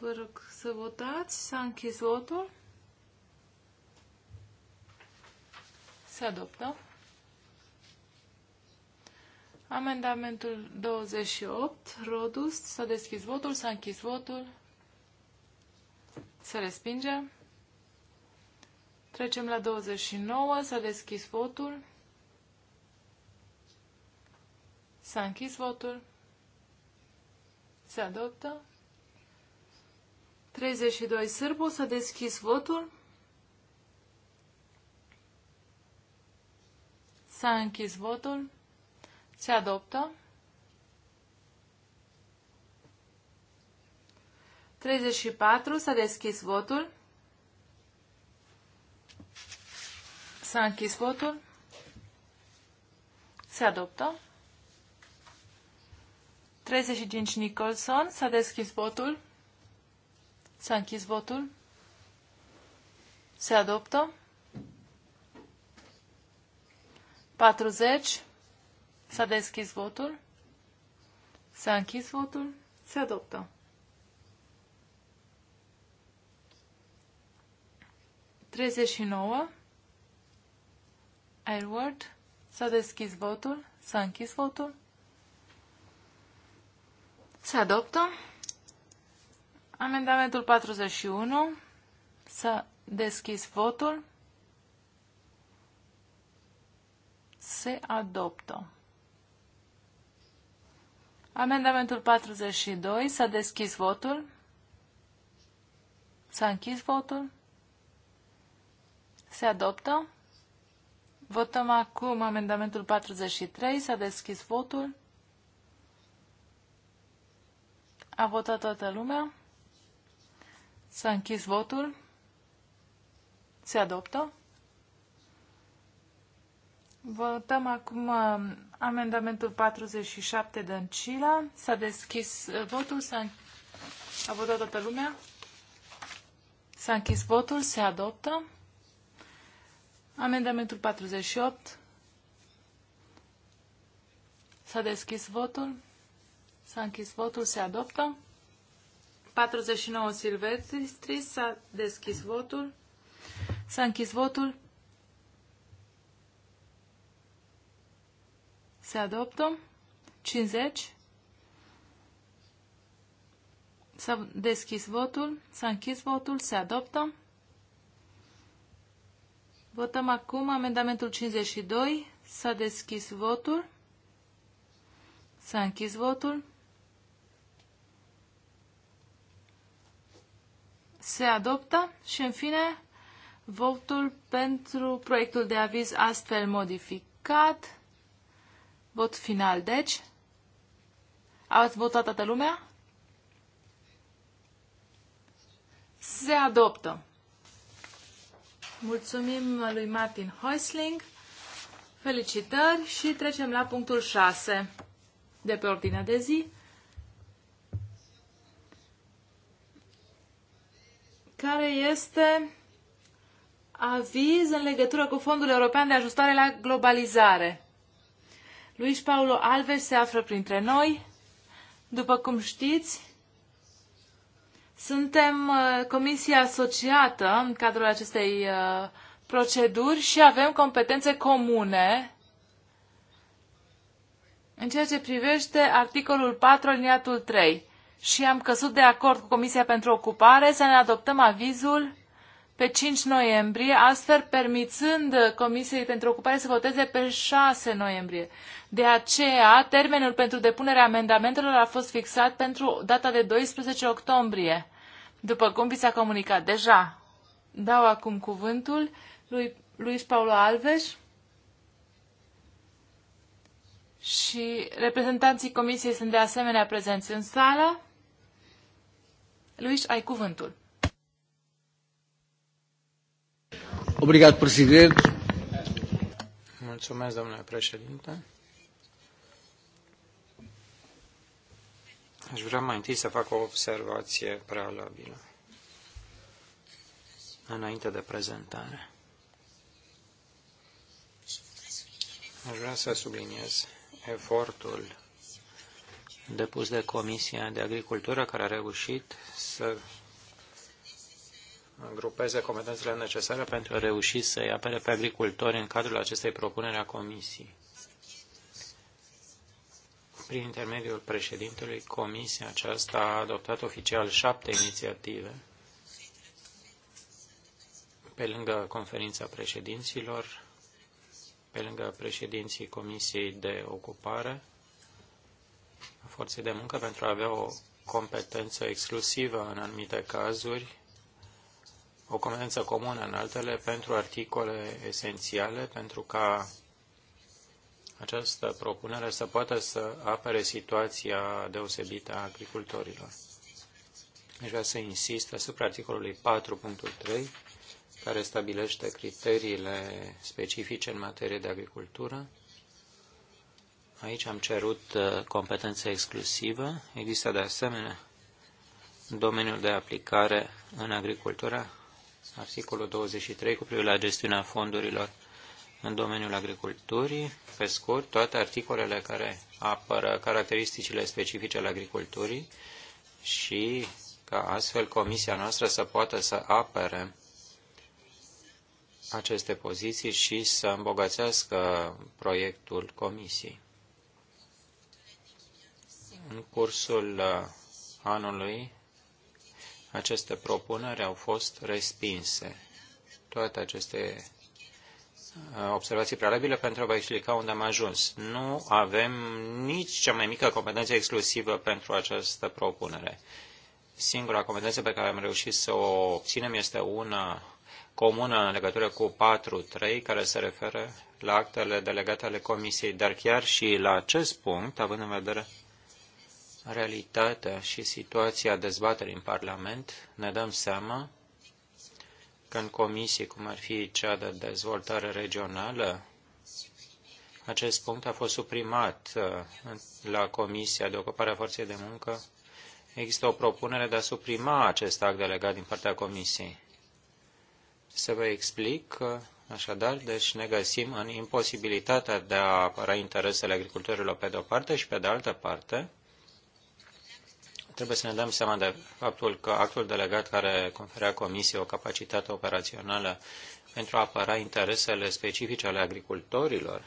Vă rog să votați. S-a închis votul. Se adoptă. Amendamentul 28, Rodus, s-a deschis votul, s-a închis votul, se respinge. Trecem la 29, s-a deschis votul, s-a închis votul, se adoptă. 32 Sârbu, să deschis votul. S-a închis votul. Se adoptă. 34. S-a deschis votul. S-a închis votul. Se adoptă. 35. Nicholson. S-a deschis votul. S-a închis votul. Se adoptă. 40. S-a deschis votul. S-a închis votul. Se adoptă. Treizeci și nouă. Edward. S-a deschis votul. S-a închis votul. Se adoptă. Amendamentul 41. Să deschis votul. Se adoptă. Amendamentul 42. S-a deschis votul. S-a închis votul. Se adoptă. Votăm acum amendamentul 43. S-a deschis votul. A votat toată lumea. S-a închis votul. Se adoptă. Votăm acum um, amendamentul 47 de Ancila. S-a deschis uh, votul, s-a a votat toată lumea. S-a închis votul, se adoptă. Amendamentul 48. S-a deschis votul. S-a închis votul, se adoptă. 49 Silvestri, s-a deschis votul, s-a închis votul, se adoptă, 50, s-a deschis votul, s-a închis votul, se adoptă. Votăm acum amendamentul 52, s-a deschis votul, s-a închis votul. se adoptă și, în fine, votul pentru proiectul de aviz astfel modificat. Vot final, deci. Ați votat toată lumea? Se adoptă. Mulțumim lui Martin Heusling. Felicitări și trecem la punctul 6 de pe ordinea de zi. care este aviz în legătură cu Fondul European de Ajustare la Globalizare. Luis Paulo Alves se află printre noi. După cum știți, suntem uh, comisia asociată în cadrul acestei uh, proceduri și avem competențe comune în ceea ce privește articolul 4, liniatul 3 și am căzut de acord cu Comisia pentru Ocupare să ne adoptăm avizul pe 5 noiembrie, astfel permițând Comisiei pentru Ocupare să voteze pe 6 noiembrie. De aceea, termenul pentru depunerea amendamentelor a fost fixat pentru data de 12 octombrie, după cum vi s-a comunicat deja. Dau acum cuvântul lui Luis Paulo Alves și reprezentanții Comisiei sunt de asemenea prezenți în sală. Luis, ai cuvântul. Obrigat, președinte. Mulțumesc, domnule președinte. Aș vrea mai întâi să fac o observație prealabilă înainte de prezentare. Aș vrea să subliniez efortul depus de Comisia de Agricultură, care a reușit să grupeze competențele necesare pentru a reuși să îi apere pe agricultori în cadrul acestei propuneri a Comisiei. Prin intermediul președintelui, Comisia aceasta a adoptat oficial șapte inițiative pe lângă conferința președinților, pe lângă președinții Comisiei de Ocupare, forței de muncă pentru a avea o competență exclusivă în anumite cazuri, o competență comună în altele pentru articole esențiale, pentru ca această propunere să poată să apere situația deosebită a agricultorilor. Aș vrea să insist asupra articolului 4.3, care stabilește criteriile specifice în materie de agricultură, Aici am cerut uh, competență exclusivă. Există de asemenea domeniul de aplicare în agricultură, articolul 23 cu privire la gestiunea fondurilor în domeniul agriculturii. Pe scurt, toate articolele care apără caracteristicile specifice ale agriculturii și ca astfel comisia noastră să poată să apere aceste poziții și să îmbogățească proiectul comisiei. În cursul uh, anului, aceste propuneri au fost respinse. Toate aceste uh, observații prealabile pentru a vă explica unde am ajuns. Nu avem nici cea mai mică competență exclusivă pentru această propunere. Singura competență pe care am reușit să o obținem este una comună în legătură cu 4.3, care se referă la actele delegate ale Comisiei, dar chiar și la acest punct, având în vedere realitatea și situația dezbaterii în Parlament, ne dăm seama că în comisie, cum ar fi cea de dezvoltare regională, acest punct a fost suprimat uh, la Comisia de Ocupare a Forței de Muncă. Există o propunere de a suprima acest act delegat din partea Comisiei. Să vă explic, așadar, deci ne găsim în imposibilitatea de a apăra interesele agricultorilor pe de-o parte și pe de altă parte, trebuie să ne dăm seama de faptul că actul delegat care conferea Comisiei o capacitate operațională pentru a apăra interesele specifice ale agricultorilor,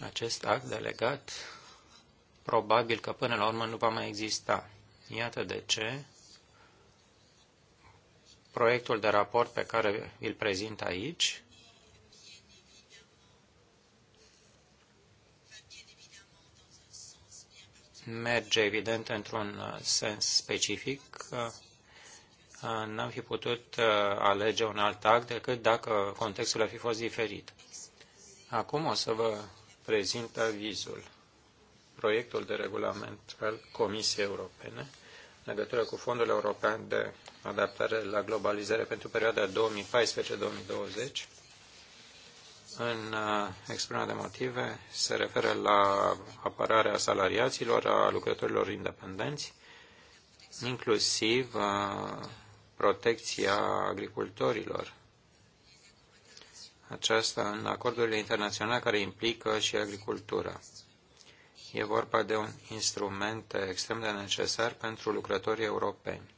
acest act delegat probabil că până la urmă nu va mai exista. Iată de ce proiectul de raport pe care îl prezint aici merge, evident, într-un uh, sens specific. Uh, uh, n-am fi putut alege un alt act decât dacă contextul ar fi fost diferit. Acum o să vă prezint avizul, proiectul de regulament al Comisiei Europene în legătură cu Fondul European de Adaptare la Globalizare pentru perioada 2014-2020 în uh, expunerea de motive se referă la apărarea salariaților, a lucrătorilor independenți, inclusiv uh, protecția agricultorilor. Aceasta în acordurile internaționale care implică și agricultura. E vorba de un instrument extrem de necesar pentru lucrătorii europeni.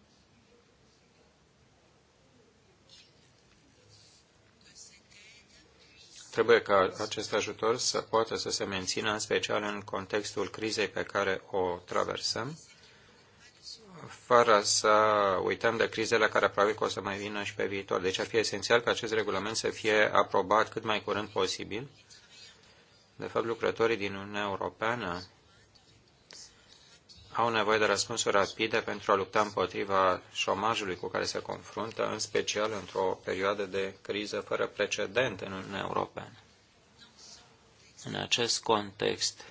Trebuie ca acest ajutor să poată să se mențină, în special în contextul crizei pe care o traversăm, fără să uităm de crizele care probabil că o să mai vină și pe viitor. Deci ar fi esențial ca acest regulament să fie aprobat cât mai curând posibil. De fapt, lucrătorii din Uniunea Europeană au nevoie de răspunsuri rapide pentru a lupta împotriva șomajului cu care se confruntă, în special într-o perioadă de criză fără precedent în Uniunea Europeană. În acest context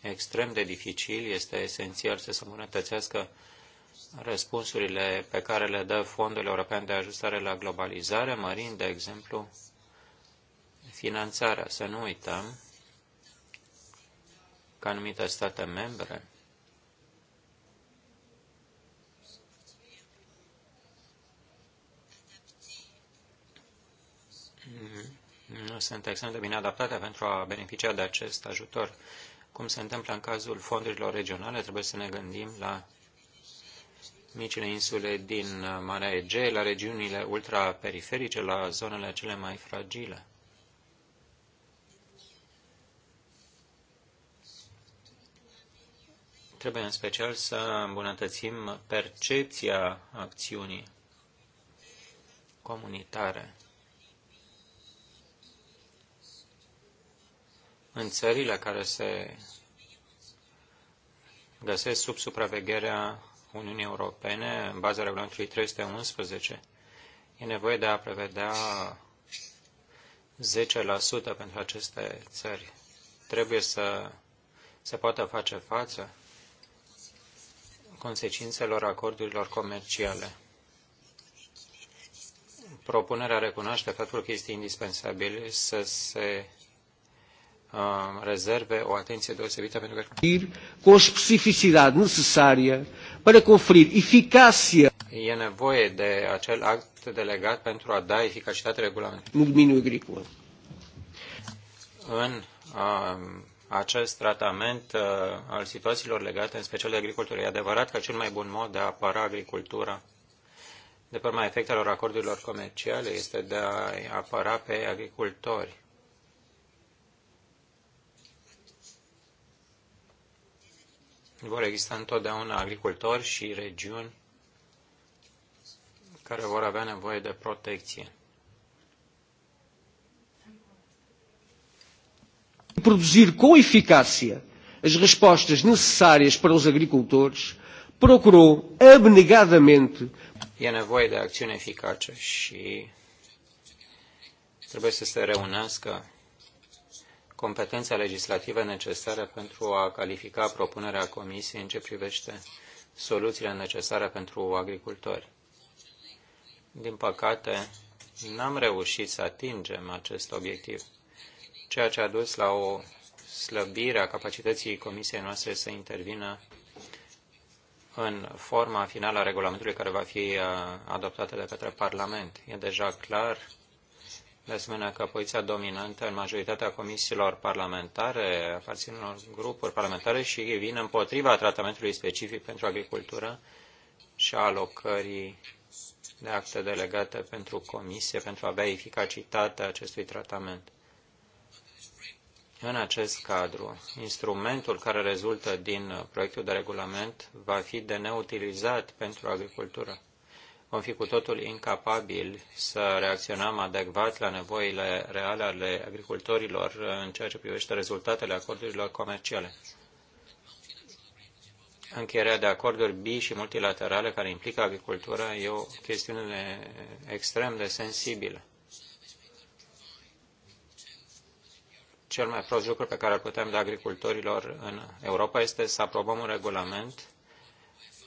extrem de dificil, este esențial să se îmbunătățească răspunsurile pe care le dă Fondul European de Ajustare la Globalizare, mărind, de exemplu, finanțarea. Să nu uităm că anumite state membre nu sunt extrem de bine adaptate pentru a beneficia de acest ajutor. Cum se întâmplă în cazul fondurilor regionale, trebuie să ne gândim la micile insule din Marea Egee, la regiunile ultraperiferice, la zonele cele mai fragile. Trebuie în special să îmbunătățim percepția acțiunii comunitare. în țările care se găsesc sub supravegherea Uniunii Europene, în baza regulamentului 311, e nevoie de a prevedea 10% pentru aceste țări. Trebuie să se poată face față consecințelor acordurilor comerciale. Propunerea recunoaște faptul că este indispensabil să se rezerve o atenție deosebită pentru că cu o specificitate necesară a conferir eficacia... E nevoie de acel act delegat pentru a da eficacitate regulamentului. Domeniul agricol. În acest tratament uh, al situațiilor legate în special de agricultură, e adevărat că cel mai bun mod de a apăra agricultura de pe urma efectelor acordurilor comerciale este de a apăra pe agricultori vor exista întotdeauna agricultori și regiuni care vor avea nevoie de protecție. Produzir com eficácia as respostas necessárias para os agricultores, procurou abnegadamente. E nevoie de acțiune eficace și trebuie să se reunească competența legislativă necesară pentru a califica propunerea Comisiei în ce privește soluțiile necesare pentru agricultori. Din păcate, n-am reușit să atingem acest obiectiv, ceea ce a dus la o slăbire a capacității Comisiei noastre să intervină în forma finală a regulamentului care va fi uh, adoptată de către Parlament. E deja clar de asemenea că poziția dominantă în majoritatea comisiilor parlamentare, aparțin unor grupuri parlamentare și vin împotriva tratamentului specific pentru agricultură și a alocării de acte delegate pentru comisie pentru a avea eficacitatea acestui tratament. În acest cadru, instrumentul care rezultă din proiectul de regulament va fi de neutilizat pentru agricultură vom fi cu totul incapabili să reacționăm adecvat la nevoile reale ale agricultorilor în ceea ce privește rezultatele acordurilor comerciale. Încheierea de acorduri bi și multilaterale care implică agricultura e o chestiune extrem de sensibilă. Cel mai prost lucru pe care îl putem da agricultorilor în Europa este să aprobăm un regulament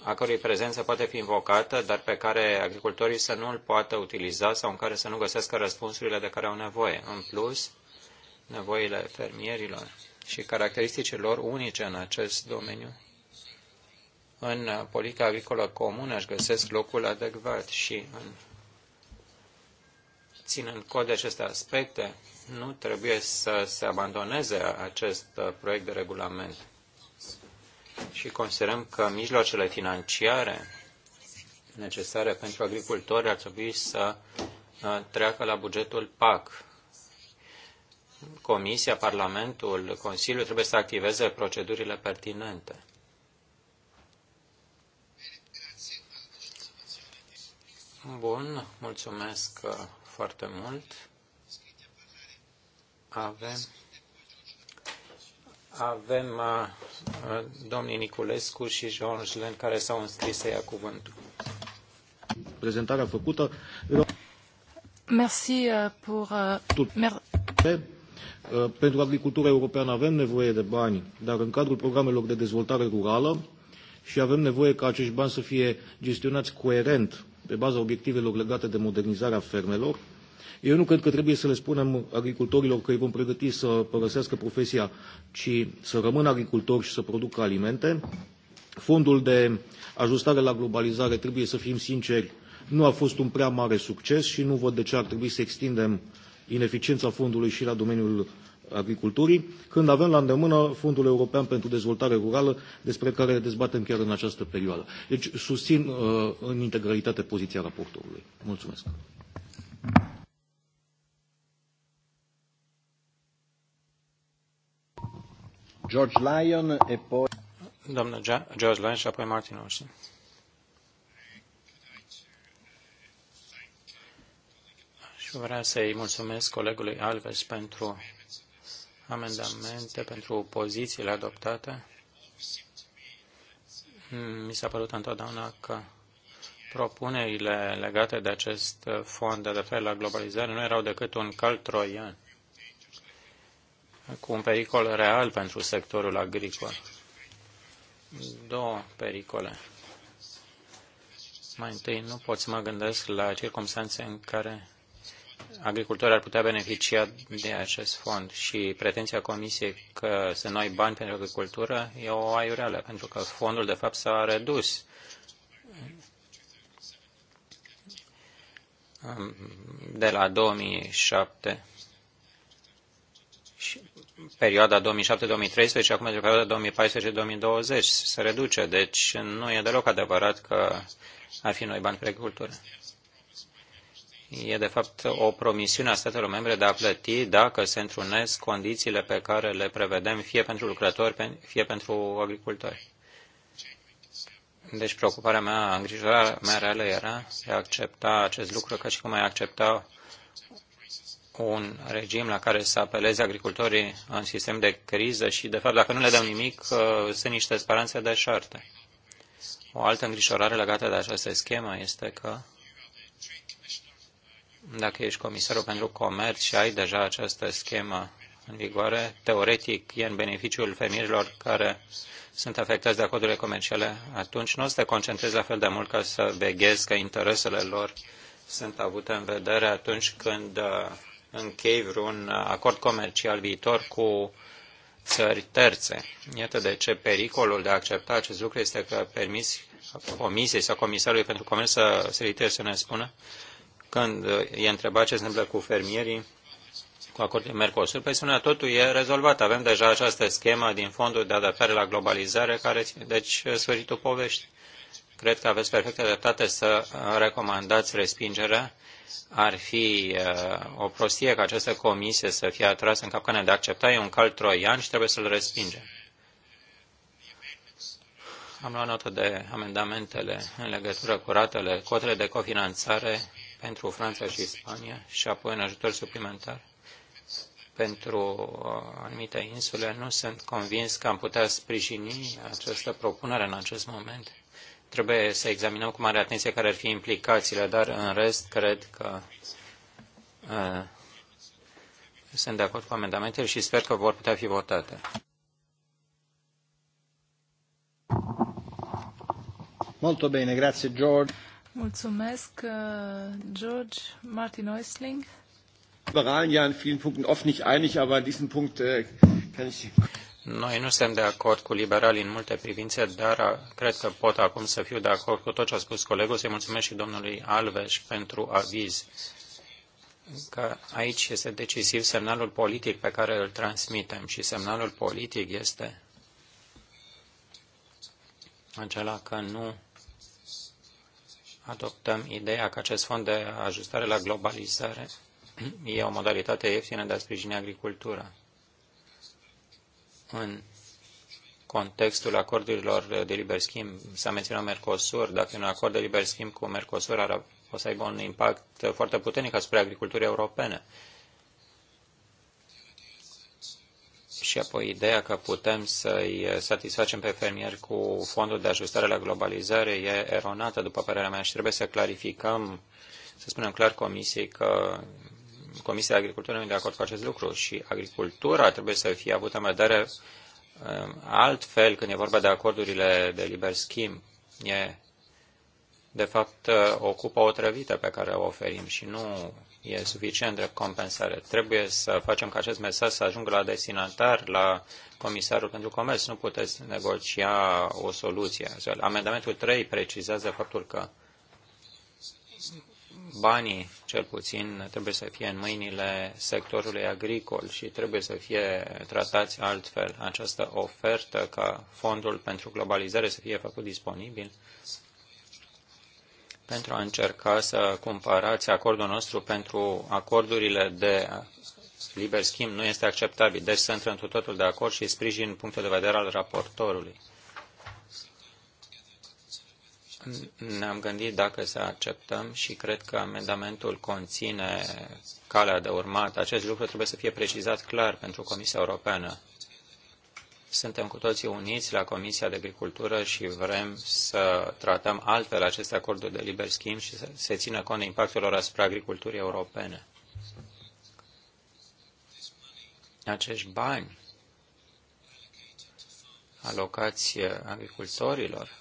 a cărui prezență poate fi invocată, dar pe care agricultorii să nu îl poată utiliza sau în care să nu găsească răspunsurile de care au nevoie. În plus, nevoile fermierilor și caracteristicile lor unice în acest domeniu în politica agricolă comună își găsesc locul adecvat și în ținând cod de aceste aspecte, nu trebuie să se abandoneze acest proiect de regulament și considerăm că mijloacele financiare necesare pentru agricultori ar trebui să uh, treacă la bugetul PAC. Comisia, Parlamentul, Consiliul trebuie să activeze procedurile pertinente. Bun, mulțumesc uh, foarte mult. Avem avem uh, uh, domnii Niculescu și Jean Jelen care s-au înscris să ia cuvântul. Prezentarea făcută. Merci uh, pour... Eh, pentru agricultura europeană avem nevoie de bani, dar în cadrul programelor de dezvoltare rurală și avem nevoie ca acești bani să fie gestionați coerent pe baza obiectivelor legate de modernizarea fermelor, eu nu cred că trebuie să le spunem agricultorilor că îi vom pregăti să părăsească profesia, ci să rămână agricultori și să producă alimente. Fondul de ajustare la globalizare, trebuie să fim sinceri, nu a fost un prea mare succes și nu văd de ce ar trebui să extindem ineficiența fondului și la domeniul agriculturii, când avem la îndemână Fondul European pentru Dezvoltare Rurală, despre care dezbatem chiar în această perioadă. Deci susțin uh, în integralitate poziția raportorului. Mulțumesc. George Lyon e poi... Domnul George Lyon și apoi Martin Ocean. Și vreau să-i mulțumesc colegului Alves pentru amendamente, pentru pozițiile adoptate. Mi s-a părut întotdeauna că propunerile legate de acest fond de refer la globalizare nu erau decât un cal troian cu un pericol real pentru sectorul agricol. Două pericole. Mai întâi, nu pot să mă gândesc la circunstanțe în care agricultorii ar putea beneficia de acest fond și pretenția Comisiei că să noi bani pentru agricultură e o aiureală, pentru că fondul de fapt s-a redus de la 2007 și perioada 2007-2013 și acum este perioada 2014-2020. Se reduce, deci nu e deloc adevărat că ar fi noi bani pe agricultură. E de fapt o promisiune a statelor membre de a plăti dacă se întrunesc condițiile pe care le prevedem fie pentru lucrători, fie pentru agricultori. Deci preocuparea mea, îngrijorarea mea reală era de a accepta acest lucru ca și cum ai accepta un regim la care să apeleze agricultorii în sistem de criză și, de fapt, dacă nu le dăm nimic, uh, sunt niște speranțe de șarte. O altă îngrijorare legată de această schemă este că dacă ești comisarul pentru comerț și ai deja această schemă în vigoare, teoretic e în beneficiul fermierilor care sunt afectați de acordurile comerciale, atunci nu o să te concentrezi la fel de mult ca să veghezi că interesele lor sunt avute în vedere atunci când uh, închei vreun uh, acord comercial viitor cu țări terțe. Iată de ce pericolul de a accepta acest lucru este că permis Comisiei sau Comisarului pentru Comerț să se litere să ne spună când uh, e întrebat ce se întâmplă cu fermierii cu acordul Mercosur, păi spunea totul e rezolvat. Avem deja această schemă din fondul de adaptare la globalizare, care deci sfârșitul poveștii. Cred că aveți perfectă dreptate să uh, recomandați respingerea. Ar fi uh, o prostie ca această comisie să fie atrasă în capcană de a accepta. E un cal troian și trebuie să-l respingem. Am luat notă de amendamentele în legătură cu ratele, cotele de cofinanțare pentru Franța și Spania și apoi în ajutor suplimentar pentru uh, anumite insule. Nu sunt convins că am putea sprijini această propunere în acest moment trebuie să examinăm cu mare atenție care ar fi implicațiile, dar în rest cred că uh, sunt de acord cu amendamentele și sper că vor putea fi votate. Molto bene, grazie George. Mulțumesc, uh, George. Martin Oisling. Liberalen ja in vielen Punkten oft nicht einig, aber dar în acest kann ich... Noi nu suntem de acord cu liberalii în multe privințe, dar uh, cred că pot acum să fiu de acord cu tot ce a spus colegul. Să-i mulțumesc și domnului Alves pentru aviz, că aici este decisiv semnalul politic pe care îl transmitem și semnalul politic este acela că nu adoptăm ideea că acest fond de ajustare la globalizare e o modalitate ieftină de a sprijini agricultura în contextul acordurilor de liber schimb. S-a menționat Mercosur. Dacă un acord de liber schimb cu Mercosur ar, o să aibă un impact foarte puternic asupra agriculturii europene. Și apoi ideea că putem să-i satisfacem pe fermieri cu fondul de ajustare la globalizare e eronată, după părerea mea, și trebuie să clarificăm, să spunem clar Comisiei că Comisia de Agricultură nu e de acord cu acest lucru și agricultura trebuie să fie avută în vedere um, altfel când e vorba de acordurile de liber schimb. E, de fapt, ocupă uh, o trăvită pe care o oferim și nu e suficient de compensare. Trebuie să facem ca acest mesaj să ajungă la destinatar, la Comisarul pentru Comerț. Nu puteți negocia o soluție. Amendamentul 3 precizează faptul că banii, cel puțin, trebuie să fie în mâinile sectorului agricol și trebuie să fie tratați altfel. Această ofertă ca fondul pentru globalizare să fie făcut disponibil pentru a încerca să cumpărați acordul nostru pentru acordurile de liber schimb nu este acceptabil. Deci sunt întru totul de acord și sprijin punctul de vedere al raportorului ne-am gândit dacă să acceptăm și cred că amendamentul conține calea de urmat. Acest lucru trebuie să fie precizat clar pentru Comisia Europeană. Suntem cu toții uniți la Comisia de Agricultură și vrem să tratăm altfel aceste acorduri de liber schimb și să se țină cont de impactul lor asupra agriculturii europene. Acești bani alocați agricultorilor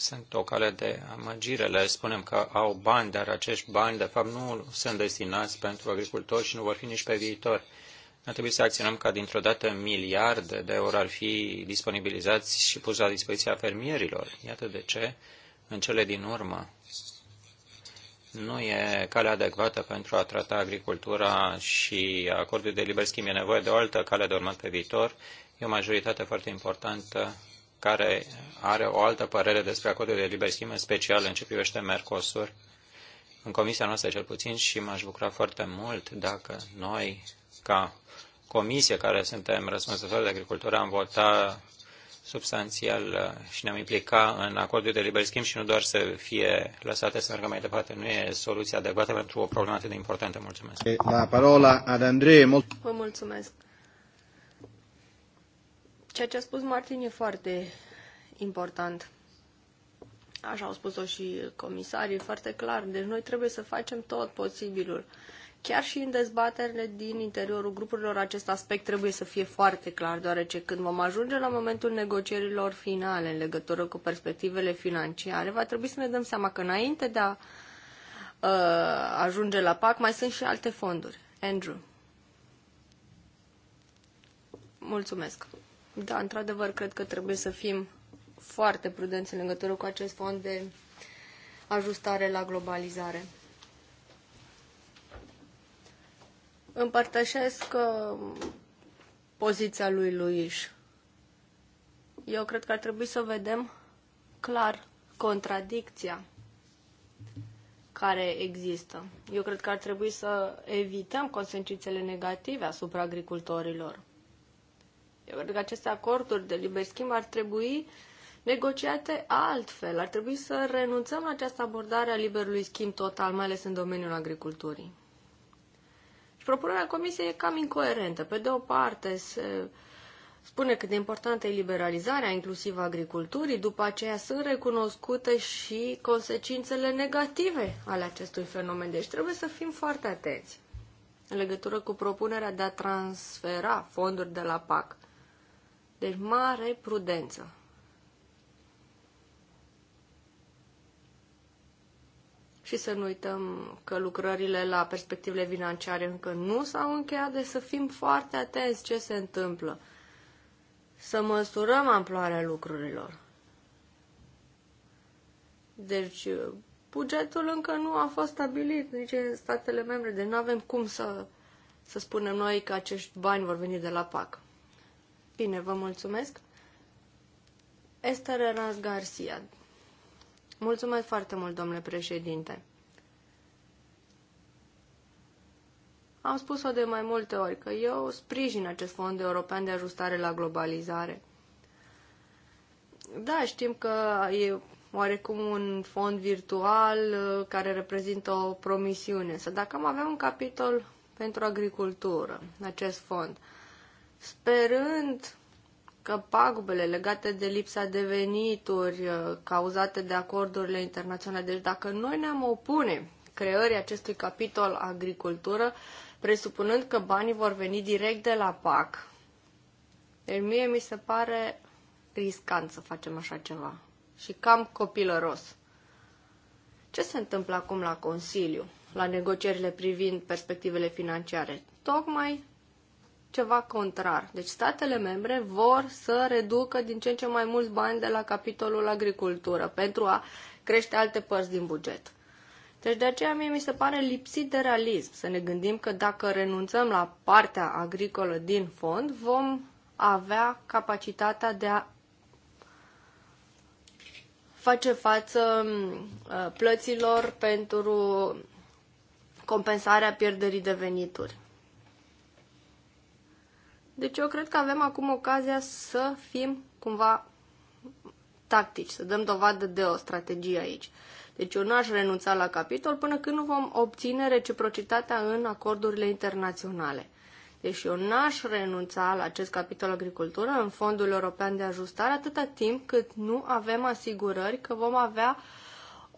sunt o cale de amăgire. Le spunem că au bani, dar acești bani, de fapt, nu sunt destinați pentru agricultori și nu vor fi nici pe viitor. Ar trebui să acționăm ca dintr-o dată miliarde de euro ar fi disponibilizați și pus la dispoziția fermierilor. Iată de ce, în cele din urmă, nu e calea adecvată pentru a trata agricultura și acordul de liber schimb. E nevoie de o altă cale de urmat pe viitor. E o majoritate foarte importantă care are o altă părere despre acordul de liber schimb, în special în ce privește Mercosur, în comisia noastră cel puțin, și m-aș bucura foarte mult dacă noi, ca comisie care suntem răspunsători de agricultură, am votat substanțial și ne-am implica în acordul de liber schimb și nu doar să fie lăsate să meargă mai departe. Nu e soluția adecvată pentru o problemă atât de importantă. Mulțumesc. La parola ad Andrei. Mult... Vă mulțumesc. Ceea ce a spus Martin e foarte important. Așa au spus-o și comisarii, foarte clar. Deci noi trebuie să facem tot posibilul. Chiar și în dezbaterile din interiorul grupurilor, acest aspect trebuie să fie foarte clar, deoarece când vom ajunge la momentul negocierilor finale în legătură cu perspectivele financiare, va trebui să ne dăm seama că înainte de a uh, ajunge la PAC mai sunt și alte fonduri. Andrew. Mulțumesc. Da, într-adevăr, cred că trebuie să fim foarte prudenți în legătură cu acest fond de ajustare la globalizare. Împărtășesc uh, poziția lui Luis. Eu cred că ar trebui să vedem clar contradicția care există. Eu cred că ar trebui să evităm consecințele negative asupra agricultorilor. Eu cred că aceste acorduri de liber schimb ar trebui negociate altfel. Ar trebui să renunțăm la această abordare a liberului schimb total, mai ales în domeniul agriculturii. Și propunerea Comisiei e cam incoerentă. Pe de o parte, se spune cât de importantă e liberalizarea, inclusiv agriculturii, după aceea sunt recunoscute și consecințele negative ale acestui fenomen. Deci trebuie să fim foarte atenți în legătură cu propunerea de a transfera fonduri de la PAC. Deci mare prudență. Și să nu uităm că lucrările la perspectivele financiare încă nu s-au încheiat, de deci să fim foarte atenți ce se întâmplă. Să măsurăm amploarea lucrurilor. Deci, bugetul încă nu a fost stabilit nici în statele membre, deci nu avem cum să, să spunem noi că acești bani vor veni de la PAC. Bine, vă mulțumesc. Esther Erans Garcia. Mulțumesc foarte mult, domnule președinte. Am spus-o de mai multe ori că eu sprijin acest fond european de ajustare la globalizare. Da, știm că e oarecum un fond virtual uh, care reprezintă o promisiune. Să dacă am avea un capitol pentru agricultură, acest fond, uh, sperând că pagubele legate de lipsa de venituri uh, cauzate de acordurile internaționale, deci dacă noi ne-am opune creării acestui capitol agricultură, presupunând că banii vor veni direct de la PAC, deci mie mi se pare riscant să facem așa ceva și cam copilăros. Ce se întâmplă acum la Consiliu, la negocierile privind perspectivele financiare? Tocmai ceva contrar. Deci statele membre vor să reducă din ce în ce mai mulți bani de la capitolul agricultură pentru a crește alte părți din buget. Deci de aceea mie mi se pare lipsit de realism să ne gândim că dacă renunțăm la partea agricolă din fond, vom avea capacitatea de a face față uh, plăților pentru compensarea pierderii de venituri. Deci eu cred că avem acum ocazia să fim cumva tactici, să dăm dovadă de o strategie aici. Deci eu nu aș renunța la capitol până când nu vom obține reciprocitatea în acordurile internaționale. Deci eu n-aș renunța la acest capitol agricultură în Fondul European de Ajustare atâta timp cât nu avem asigurări că vom avea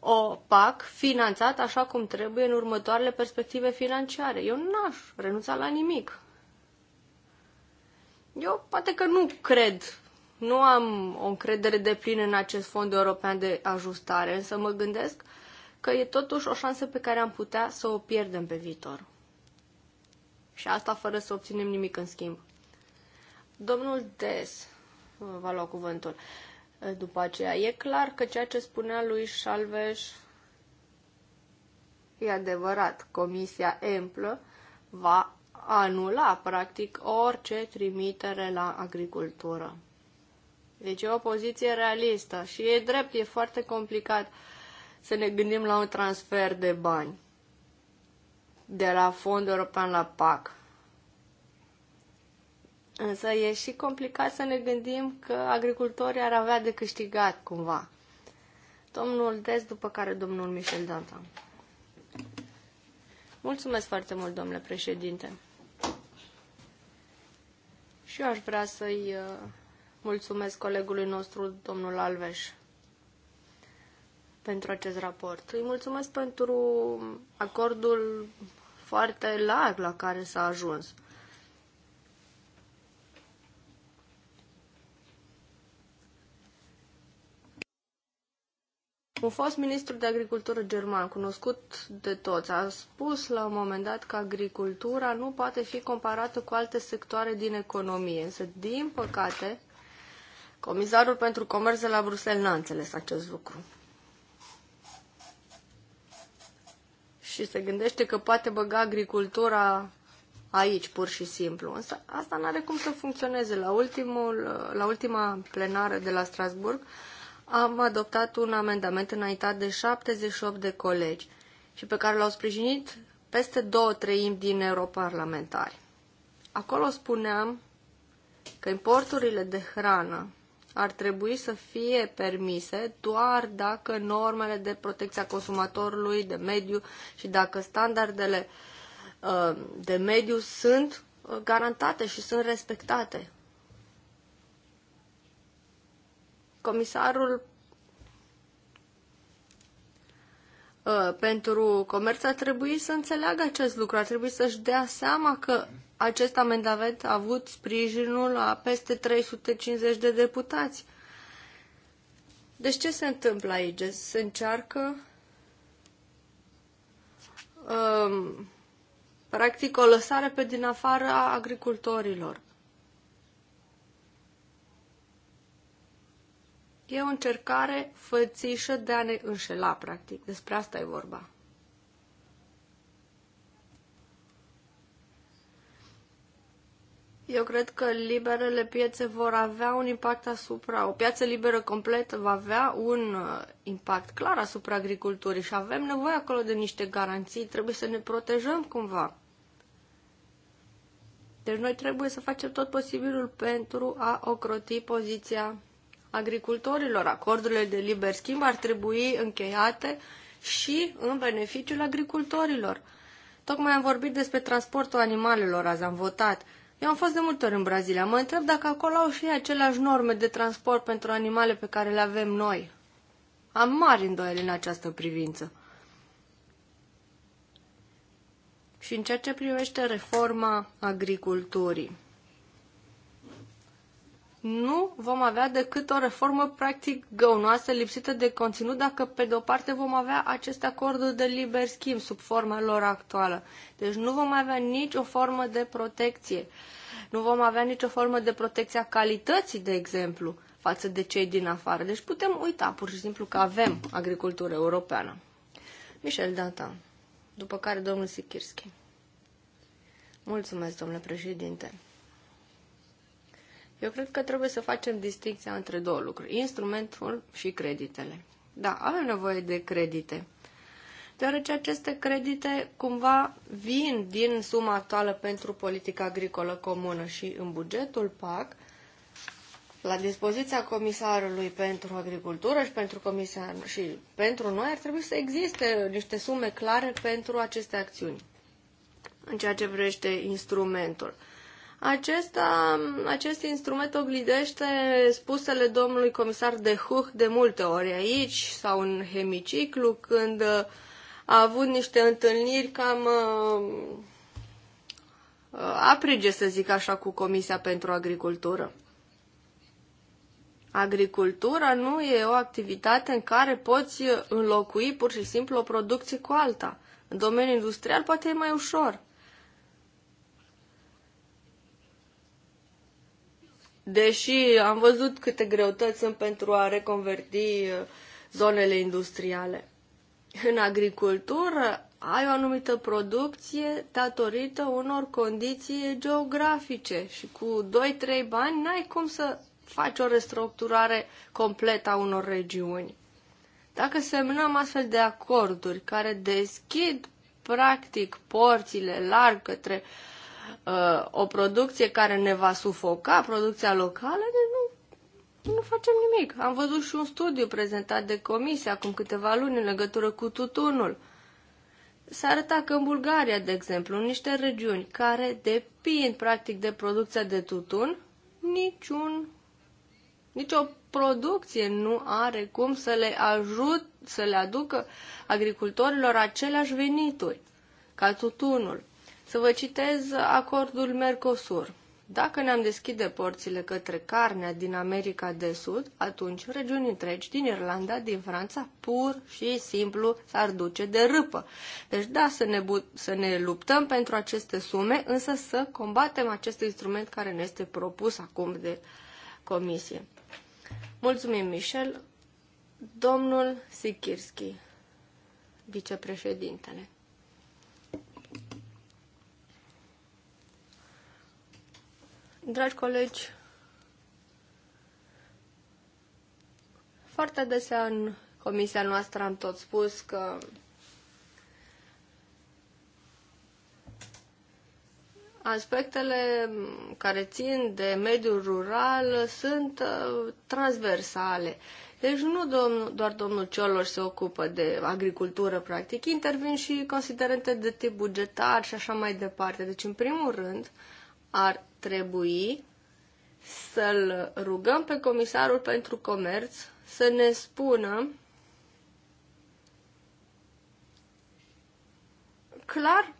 o PAC finanțată așa cum trebuie în următoarele perspective financiare. Eu n-aș renunța la nimic. Eu poate că nu cred, nu am o încredere de plin în acest fond european de ajustare, însă mă gândesc că e totuși o șansă pe care am putea să o pierdem pe viitor. Și asta fără să obținem nimic în schimb. Domnul Des va lua cuvântul după aceea. E clar că ceea ce spunea lui Salveș e adevărat. Comisia Emplă va anula, practic, orice trimitere la agricultură. Deci e o poziție realistă și e drept, e foarte complicat să ne gândim la un transfer de bani de la Fondul European la PAC. Însă e și complicat să ne gândim că agricultorii ar avea de câștigat cumva. Domnul Des, după care domnul Michel Dantan. Mulțumesc foarte mult, domnule președinte. Și eu aș vrea să-i uh, mulțumesc colegului nostru, domnul Alveș, pentru acest raport. Îi mulțumesc pentru acordul foarte larg la care s-a ajuns. Un fost ministru de agricultură german, cunoscut de toți, a spus la un moment dat că agricultura nu poate fi comparată cu alte sectoare din economie, însă, din păcate, comisarul pentru comerț de la Bruxelles n-a înțeles acest lucru. Și se gândește că poate băga agricultura aici, pur și simplu. Însă asta nu are cum să funcționeze. La, ultimul, la ultima plenară de la Strasburg, am adoptat un amendament înaintat de 78 de colegi și pe care l-au sprijinit peste două treimi din europarlamentari. Acolo spuneam că importurile de hrană ar trebui să fie permise doar dacă normele de protecție a consumatorului, de mediu și dacă standardele uh, de mediu sunt uh, garantate și sunt respectate. comisarul uh, pentru comerț ar trebui să înțeleagă acest lucru, ar trebui să-și dea seama că acest amendament a avut sprijinul a peste 350 de deputați. Deci ce se întâmplă aici? Se încearcă um, practic o lăsare pe din afara agricultorilor. E o încercare fățișă de a ne înșela, practic. Despre asta e vorba. Eu cred că liberele piețe vor avea un impact asupra, o piață liberă completă va avea un uh, impact clar asupra agriculturii și avem nevoie acolo de niște garanții, trebuie să ne protejăm cumva. Deci noi trebuie să facem tot posibilul pentru a ocroti poziția agricultorilor. Acordurile de liber schimb ar trebui încheiate și în beneficiul agricultorilor. Tocmai am vorbit despre transportul animalelor, azi am votat. Eu am fost de multe ori în Brazilia. Mă întreb dacă acolo au și aceleași norme de transport pentru animale pe care le avem noi. Am mari îndoieli în această privință. Și în ceea ce privește reforma agriculturii nu vom avea decât o reformă practic găunoasă, lipsită de conținut, dacă pe de o parte vom avea aceste acorduri de liber schimb sub forma lor actuală. Deci nu vom avea nicio formă de protecție. Nu vom avea nicio formă de protecție a calității, de exemplu, față de cei din afară. Deci putem uita pur și simplu că avem agricultură europeană. Michel Data, după care domnul Sikirski. Mulțumesc, domnule președinte. Eu cred că trebuie să facem distinția între două lucruri, instrumentul și creditele. Da, avem nevoie de credite, deoarece aceste credite cumva vin din suma actuală pentru politica agricolă comună și în bugetul PAC, la dispoziția comisarului pentru agricultură și pentru comisar și pentru noi ar trebui să existe niște sume clare pentru aceste acțiuni în ceea ce vrește instrumentul. Acesta, acest instrument oglidește spusele domnului comisar de Huch de multe ori aici sau în hemiciclu, când uh, a avut niște întâlniri cam uh, uh, aprige, să zic așa, cu Comisia pentru Agricultură. Agricultura nu e o activitate în care poți înlocui pur și simplu o producție cu alta. În domeniul industrial poate e mai ușor. deși am văzut câte greutăți sunt pentru a reconverti uh, zonele industriale. În agricultură ai o anumită producție datorită unor condiții geografice și cu 2-3 bani n-ai cum să faci o restructurare completă a unor regiuni. Dacă semnăm astfel de acorduri care deschid practic porțile larg către uh, uh, o producție care ne va sufoca producția locală, deci nu, nu facem nimic. Am văzut și un studiu prezentat de comisie acum câteva luni în legătură cu tutunul. s-a arătat că în Bulgaria, de exemplu, în niște regiuni care depind practic de producția de tutun, niciun, nicio producție nu are cum să le ajut, să le aducă agricultorilor aceleași venituri ca tutunul. Să vă citez acordul Mercosur. Dacă ne-am deschide porțile către carnea din America de Sud, atunci regiuni întregi din Irlanda, din Franța, pur și simplu s-ar duce de râpă. Deci da, să ne, să ne luptăm pentru aceste sume, însă să combatem acest instrument care ne este propus acum de comisie. Mulțumim, Michel. Domnul Sikirski, vicepreședintele. Dragi colegi, foarte adesea în comisia noastră am tot spus că aspectele care țin de mediul rural sunt uh, transversale. Deci nu domn, doar domnul Cioloș se ocupă de agricultură, practic, intervin și considerente de tip bugetar și așa mai departe. Deci, în primul rând, ar trebui să-l rugăm pe comisarul pentru comerț să ne spună clar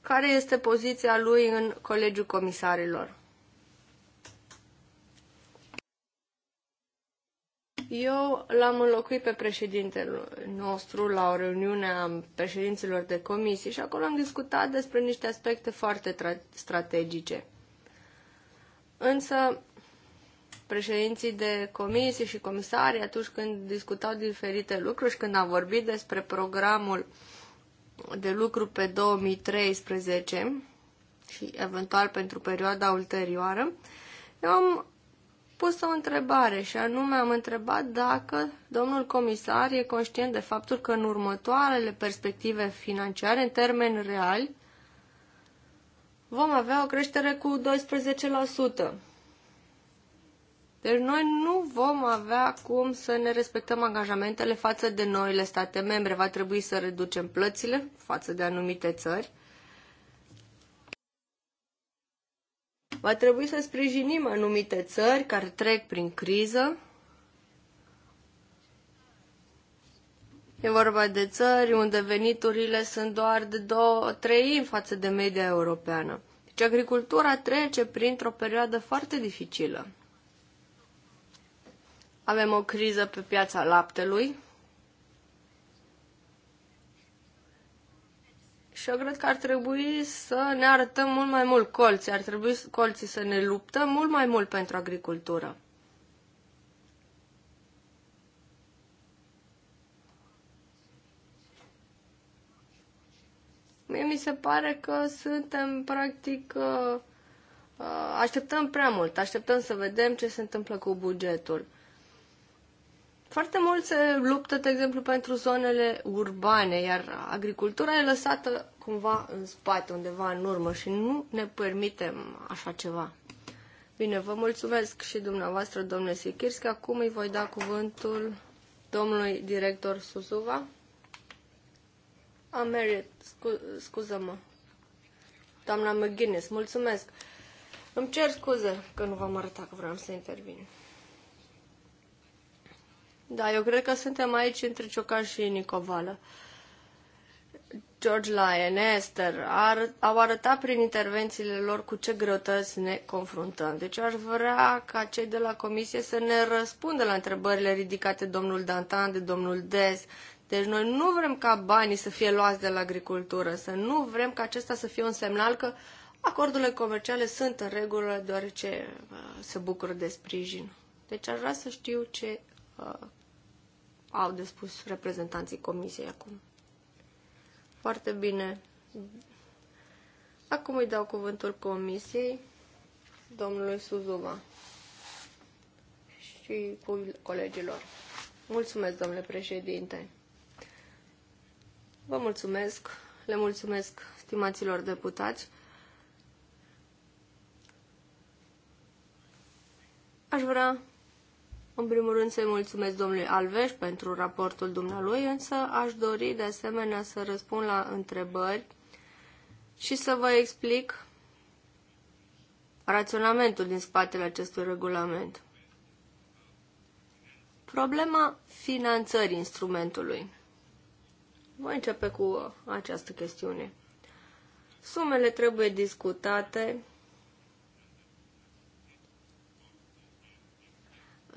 care este poziția lui în Colegiul Comisarilor. Eu l-am înlocuit pe președintele nostru la o reuniune a președinților de comisie și acolo am discutat despre niște aspecte foarte strategice. Însă, președinții de comisie și comisari, atunci când discutau diferite lucruri și când am vorbit despre programul de lucru pe 2013 și eventual pentru perioada ulterioară, eu am pus o întrebare și anume am întrebat dacă domnul comisar e conștient de faptul că în următoarele perspective financiare, în termeni reali, vom avea o creștere cu 12%. Deci noi nu vom avea cum să ne respectăm angajamentele față de noile state membre. Va trebui să reducem plățile față de anumite țări Va trebui să sprijinim anumite țări care trec prin criză. E vorba de țări unde veniturile sunt doar de două în față de media europeană. Deci agricultura trece printr-o perioadă foarte dificilă. Avem o criză pe piața laptelui, Și eu cred că ar trebui să ne arătăm mult mai mult colții, ar trebui colții să ne luptăm mult mai mult pentru agricultură. Mie mi se pare că suntem practic uh, uh, așteptăm prea mult, așteptăm să vedem ce se întâmplă cu bugetul. Foarte mult se eh, luptă, de exemplu, pentru zonele urbane, iar agricultura e lăsată cumva în spate, undeva în urmă și nu ne permitem așa ceva. Bine, vă mulțumesc și dumneavoastră, domnule Sikirski. Acum îi voi da cuvântul domnului director Suzuva. Am merit, scu- scuză-mă. Doamna McGuinness, mulțumesc. Îmi cer scuze că nu v-am arătat că vreau să intervin. Da, eu cred că suntem aici între Ciocan și Nicovală. George Lyon, Esther, ar, au arătat prin intervențiile lor cu ce greutăți ne confruntăm. Deci aș vrea ca cei de la comisie să ne răspundă la întrebările ridicate domnul Dantan, de domnul Des. Deci noi nu vrem ca banii să fie luați de la agricultură, să nu vrem ca acesta să fie un semnal că acordurile comerciale sunt în regulă deoarece uh, se bucură de sprijin. Deci aș vrea să știu ce uh, au de spus reprezentanții comisiei acum. Foarte bine. Acum îi dau cuvântul comisiei domnului Suzuma și colegilor. Mulțumesc, domnule președinte. Vă mulțumesc, le mulțumesc stimaților deputați. Aș vrea în primul rând să-i mulțumesc domnului Alveș pentru raportul dumnealui, însă aș dori de asemenea să răspund la întrebări și să vă explic raționamentul din spatele acestui regulament. Problema finanțării instrumentului. Voi începe cu această chestiune. Sumele trebuie discutate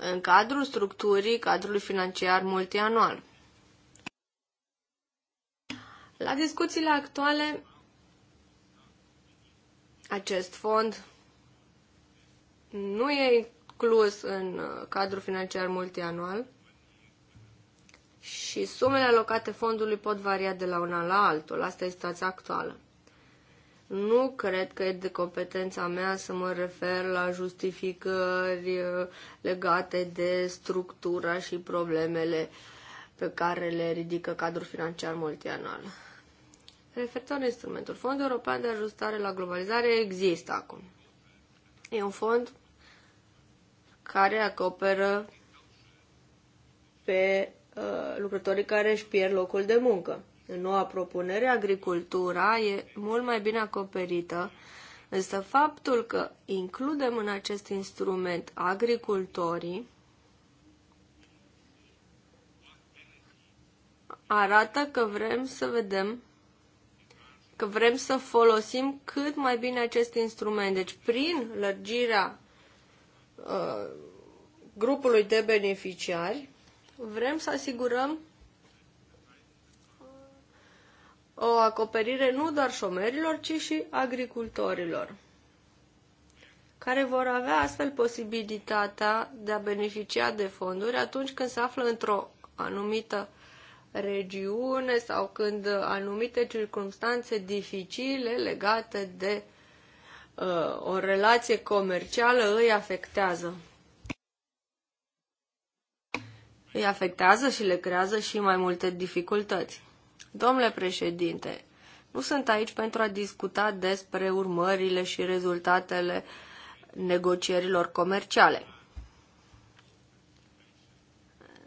în cadrul structurii cadrului financiar multianual. La discuțiile actuale, acest fond nu e inclus în uh, cadrul financiar multianual și sumele alocate fondului pot varia de la un an la altul. Asta e situația actuală. Nu cred că e de competența mea să mă refer la justificări uh, legate de structura și problemele pe care le ridică cadrul financiar multianual. Referitor la instrumentul, Fondul European de Ajustare la Globalizare există acum. E un fond care acoperă pe uh, lucrătorii care își pierd locul de muncă. În noua propunere, agricultura e mult mai bine acoperită, însă faptul că includem în acest instrument agricultorii arată că vrem să vedem că vrem să folosim cât mai bine acest instrument. Deci, prin lărgirea uh, grupului de beneficiari, vrem să asigurăm o acoperire nu doar șomerilor, ci și agricultorilor, care vor avea astfel posibilitatea de a beneficia de fonduri atunci când se află într-o anumită regiune sau când anumite circunstanțe dificile legate de uh, o relație comercială îi afectează. Îi afectează și le creează și mai multe dificultăți. Domnule președinte, nu sunt aici pentru a discuta despre urmările și rezultatele negocierilor comerciale.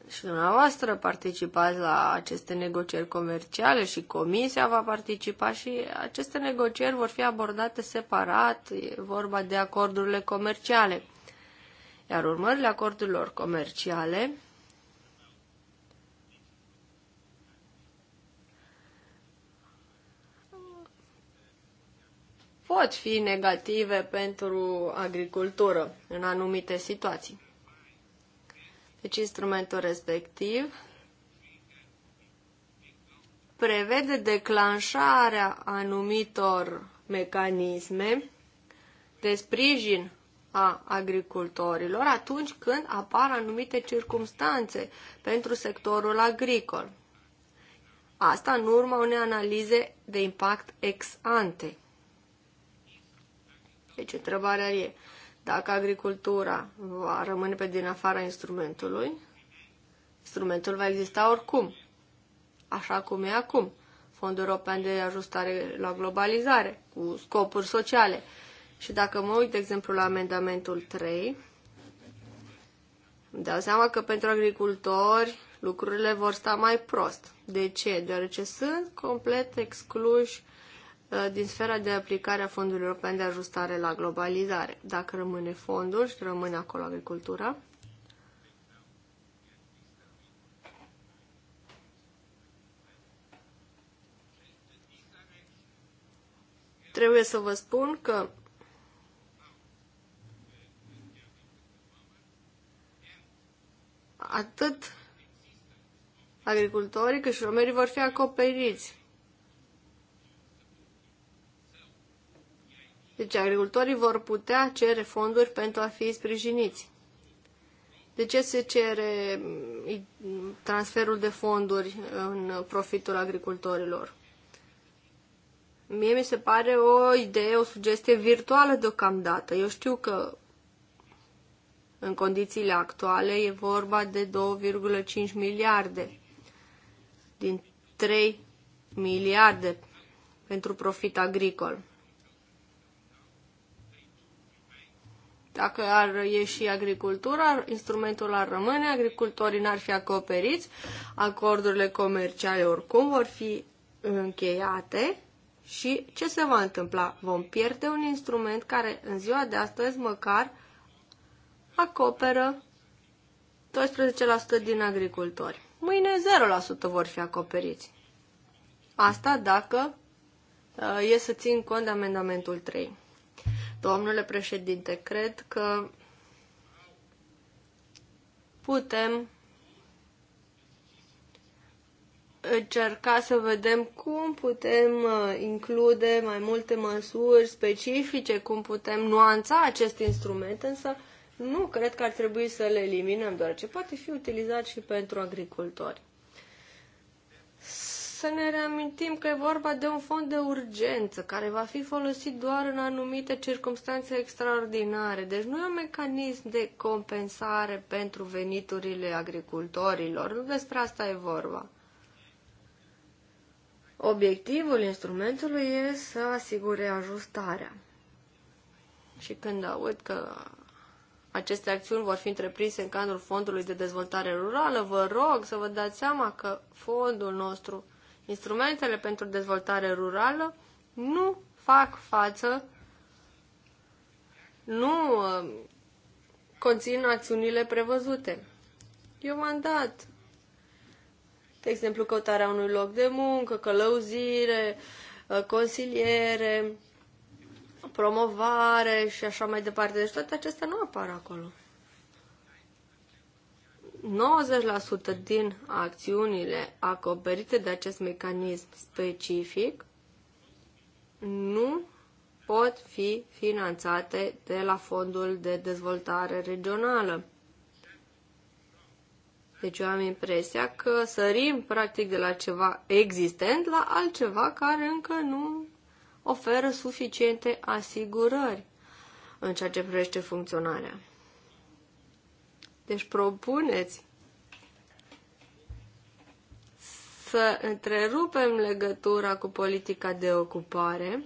Și dumneavoastră participați la aceste negocieri comerciale și comisia va participa și aceste negocieri vor fi abordate separat, e vorba de acordurile comerciale. Iar urmările acordurilor comerciale pot fi negative pentru agricultură în anumite situații. Deci instrumentul respectiv prevede declanșarea anumitor mecanisme de sprijin a agricultorilor atunci când apar anumite circumstanțe pentru sectorul agricol. Asta în urma unei analize de impact ex ante. Deci întrebarea e dacă agricultura va rămâne pe din afara instrumentului, instrumentul va exista oricum, așa cum e acum. Fondul European de Ajustare la Globalizare, cu scopuri sociale. Și dacă mă uit, de exemplu, la amendamentul 3, îmi dau seama că pentru agricultori lucrurile vor sta mai prost. De ce? Deoarece sunt complet excluși Uh, din sfera de aplicare a Fondului European de Ajustare la Globalizare. Dacă rămâne fondul și rămâne acolo agricultura, trebuie să vă spun că atât agricultorii cât și romerii vor fi acoperiți Deci agricultorii vor putea cere fonduri pentru a fi sprijiniți. De ce se cere mm, transferul de fonduri în profitul agricultorilor? Mie mi se pare o idee, o sugestie virtuală deocamdată. Eu știu că în condițiile actuale e vorba de 2,5 miliarde din 3 miliarde pentru profit agricol. Dacă ar ieși agricultura, instrumentul ar rămâne, agricultorii n-ar fi acoperiți, acordurile comerciale oricum vor fi încheiate și ce se va întâmpla? Vom pierde un instrument care în ziua de astăzi măcar acoperă 12% din agricultori. Mâine 0% vor fi acoperiți. Asta dacă uh, e să țin cont de amendamentul 3. Domnule președinte, cred că putem încerca să vedem cum putem uh, include mai multe măsuri specifice, cum putem nuanța acest instrument, însă nu cred că ar trebui să le eliminăm, deoarece poate fi utilizat și pentru agricultori să ne reamintim că e vorba de un fond de urgență care va fi folosit doar în anumite circunstanțe extraordinare. Deci nu e un mecanism de compensare pentru veniturile agricultorilor. Nu despre asta e vorba. Obiectivul instrumentului e să asigure ajustarea. Și când aud că aceste acțiuni vor fi întreprinse în cadrul Fondului de Dezvoltare Rurală, vă rog să vă dați seama că fondul nostru Instrumentele pentru dezvoltare rurală nu fac față, nu uh, conțin acțiunile prevăzute. Eu m-am dat, de exemplu, căutarea unui loc de muncă, călăuzire, uh, consiliere, promovare și așa mai departe. Deci toate acestea nu apar acolo. 90% din acțiunile acoperite de acest mecanism specific nu pot fi finanțate de la Fondul de Dezvoltare Regională. Deci eu am impresia că sărim practic de la ceva existent la altceva care încă nu oferă suficiente asigurări în ceea ce privește funcționarea. Deci propuneți să întrerupem legătura cu politica de ocupare,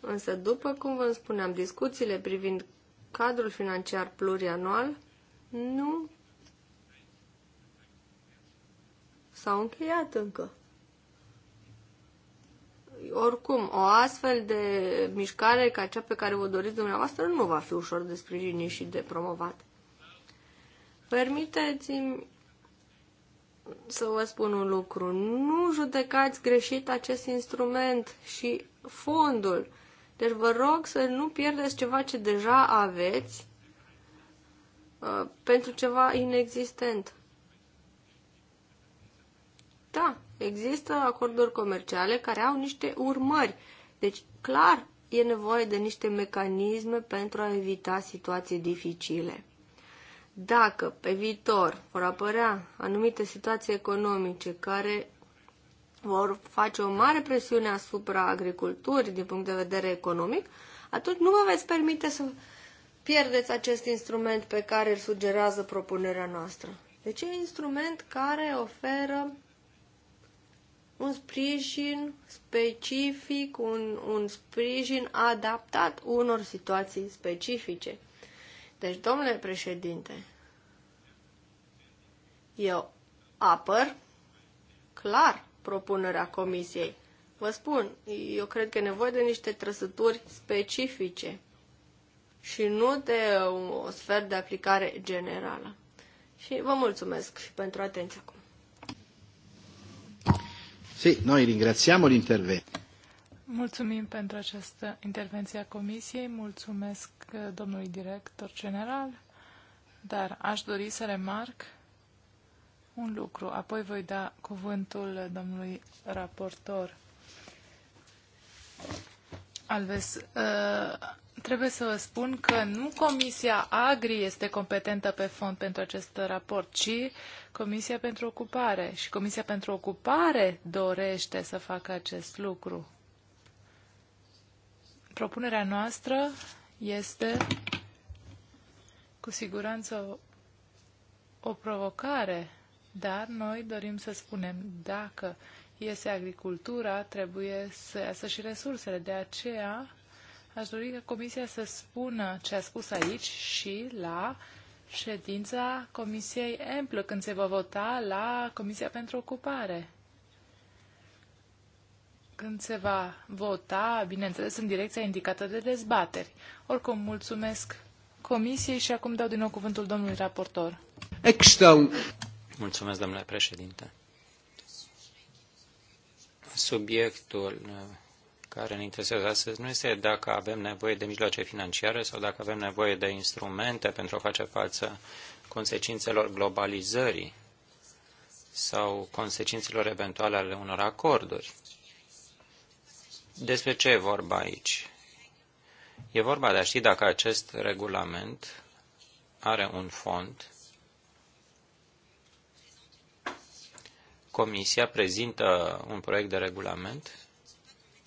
însă după cum vă spuneam, discuțiile privind cadrul financiar plurianual nu s-au încheiat încă. Oricum, o astfel de mișcare ca cea pe care vă doriți dumneavoastră nu va fi ușor de sprijinit și de promovat. Permiteți-mi să vă spun un lucru. Nu judecați greșit acest instrument și fondul. Deci vă rog să nu pierdeți ceva ce deja aveți uh, pentru ceva inexistent. Da, Există acorduri comerciale care au niște urmări. Deci, clar, e nevoie de niște mecanisme pentru a evita situații dificile. Dacă pe viitor vor apărea anumite situații economice care vor face o mare presiune asupra agriculturii din punct de vedere economic, atunci nu vă veți permite să pierdeți acest instrument pe care îl sugerează propunerea noastră. Deci e instrument care oferă un sprijin specific, un, un sprijin adaptat unor situații specifice. Deci, domnule președinte, eu apăr clar propunerea comisiei. Vă spun, eu cred că e nevoie de niște trăsături specifice și nu de o sferă de aplicare generală. Și vă mulțumesc și pentru atenție acum. Sì, noi ringraziamo l'intervento. Mulțumim pentru această intervenție a Comisiei, mulțumesc uh, domnului director general, dar aș dori să remarc un lucru, apoi voi da cuvântul domnului raportor Alves. Uh, Trebuie să vă spun că nu Comisia Agri este competentă pe fond pentru acest raport, ci Comisia pentru Ocupare. Și Comisia pentru Ocupare dorește să facă acest lucru. Propunerea noastră este cu siguranță o, provocare, dar noi dorim să spunem dacă iese agricultura, trebuie să iasă și resursele. De aceea, Aș dori ca Comisia să spună ce a spus aici și la ședința Comisiei Emplă, când se va vota la Comisia pentru Ocupare. Când se va vota, bineînțeles, în direcția indicată de dezbateri. Oricum, mulțumesc Comisiei și acum dau din nou cuvântul domnului raportor. Extau. Mulțumesc, domnule președinte. Subiectul care ne interesează astăzi nu este dacă avem nevoie de mijloace financiare sau dacă avem nevoie de instrumente pentru a face față consecințelor globalizării sau consecințelor eventuale ale unor acorduri. Despre ce e vorba aici? E vorba de a ști dacă acest regulament are un fond. Comisia prezintă un proiect de regulament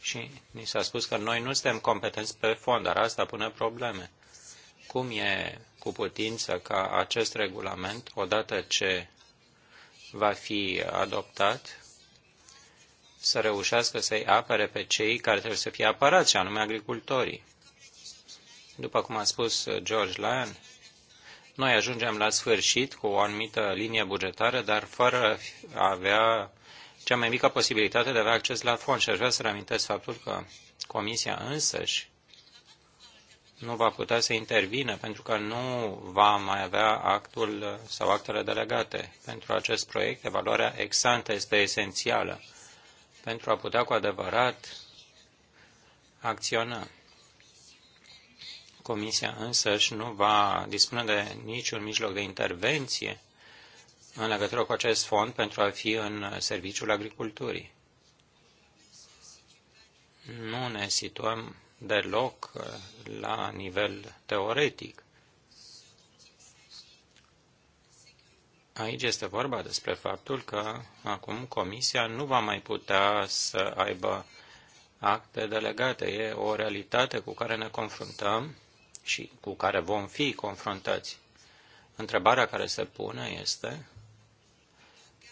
și ni s-a spus că noi nu suntem competenți pe fond, dar asta pune probleme. Cum e cu putință ca acest regulament, odată ce va fi adoptat, să reușească să-i apere pe cei care trebuie să fie apărați, și anume agricultorii. După cum a spus George Lyon, noi ajungem la sfârșit cu o anumită linie bugetară, dar fără a avea cea mai mică posibilitate de a avea acces la fond. Și aș vrea să reamintesc faptul că Comisia însăși nu va putea să intervină pentru că nu va mai avea actul sau actele delegate. Pentru acest proiect, evaluarea exantă este esențială pentru a putea cu adevărat acționa. Comisia însăși nu va dispune de niciun mijloc de intervenție în legătură cu acest fond pentru a fi în serviciul agriculturii. Nu ne situăm deloc uh, la nivel teoretic. Aici este vorba despre faptul că acum Comisia nu va mai putea să aibă acte delegate. E o realitate cu care ne confruntăm și cu care vom fi confruntați. Întrebarea care se pune este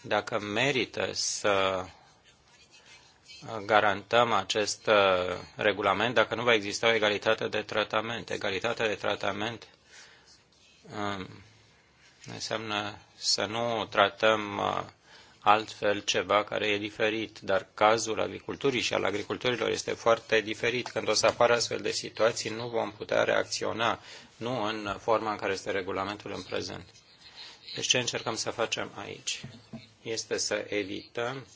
dacă merită să garantăm acest uh, regulament dacă nu va exista o egalitate de tratament. Egalitatea de tratament um, înseamnă să nu tratăm uh, altfel ceva care e diferit, dar cazul agriculturii și al agricultorilor este foarte diferit. Când o să apară astfel de situații, nu vom putea reacționa, nu în forma în care este regulamentul în prezent. Deci ce încercăm să facem aici? este să evităm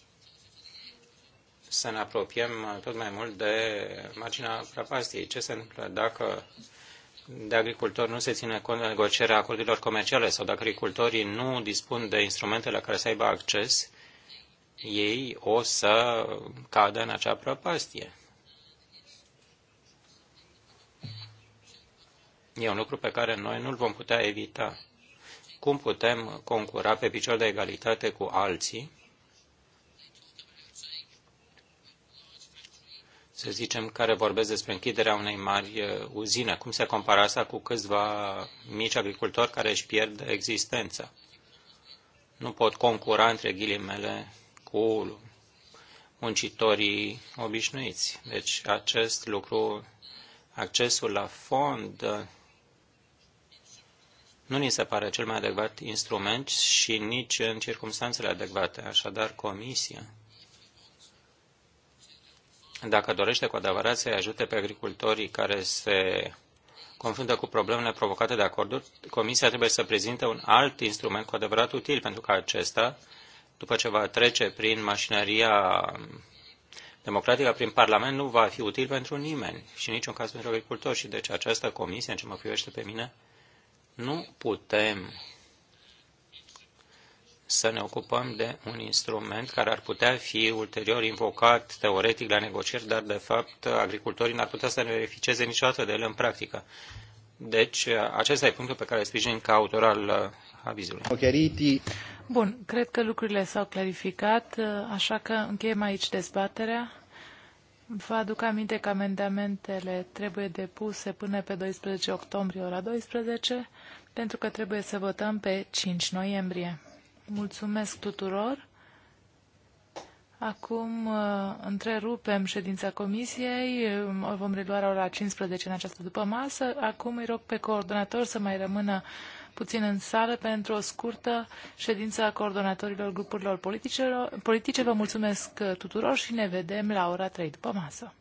să ne apropiem tot mai mult de marginea prăpastiei. Ce se întâmplă dacă de agricultori nu se ține cont de negocierea acordurilor comerciale sau dacă agricultorii nu dispun de instrumente la care să aibă acces, ei o să cadă în acea prăpastie. E un lucru pe care noi nu-l vom putea evita cum putem concura pe picior de egalitate cu alții. să zicem, care vorbesc despre închiderea unei mari uh, uzine. Cum se compara asta cu câțiva mici agricultori care își pierd existența? Nu pot concura, între ghilimele, cu muncitorii obișnuiți. Deci acest lucru, accesul la fond nu ni se pare cel mai adecvat instrument și nici în circunstanțele adecvate. Așadar, Comisia, dacă dorește cu adevărat să-i ajute pe agricultorii care se confundă cu problemele provocate de acorduri, Comisia trebuie să prezinte un alt instrument cu adevărat util, pentru că acesta, după ce va trece prin mașinăria democratică, prin Parlament, nu va fi util pentru nimeni și în niciun caz pentru agricultori. Și deci această comisie, în ce mă privește pe mine, nu putem să ne ocupăm de un instrument care ar putea fi ulterior invocat teoretic la negocieri, dar de fapt agricultorii n-ar putea să ne beneficieze niciodată de el în practică. Deci acesta e punctul pe care îl sprijin ca autor al uh, avizului. Bun, cred că lucrurile s-au clarificat, uh, așa că încheiem aici dezbaterea. Vă aduc aminte că amendamentele trebuie depuse până pe 12 octombrie ora 12 pentru că trebuie să votăm pe 5 noiembrie. Mulțumesc tuturor! Acum uh, întrerupem ședința comisiei, o uh, vom relua la ora 15 în această după masă. Acum îi rog pe coordonator să mai rămână puțin în sală pentru o scurtă ședință a coordonatorilor grupurilor politice. Vă mulțumesc uh, tuturor și ne vedem la ora 3 după masă.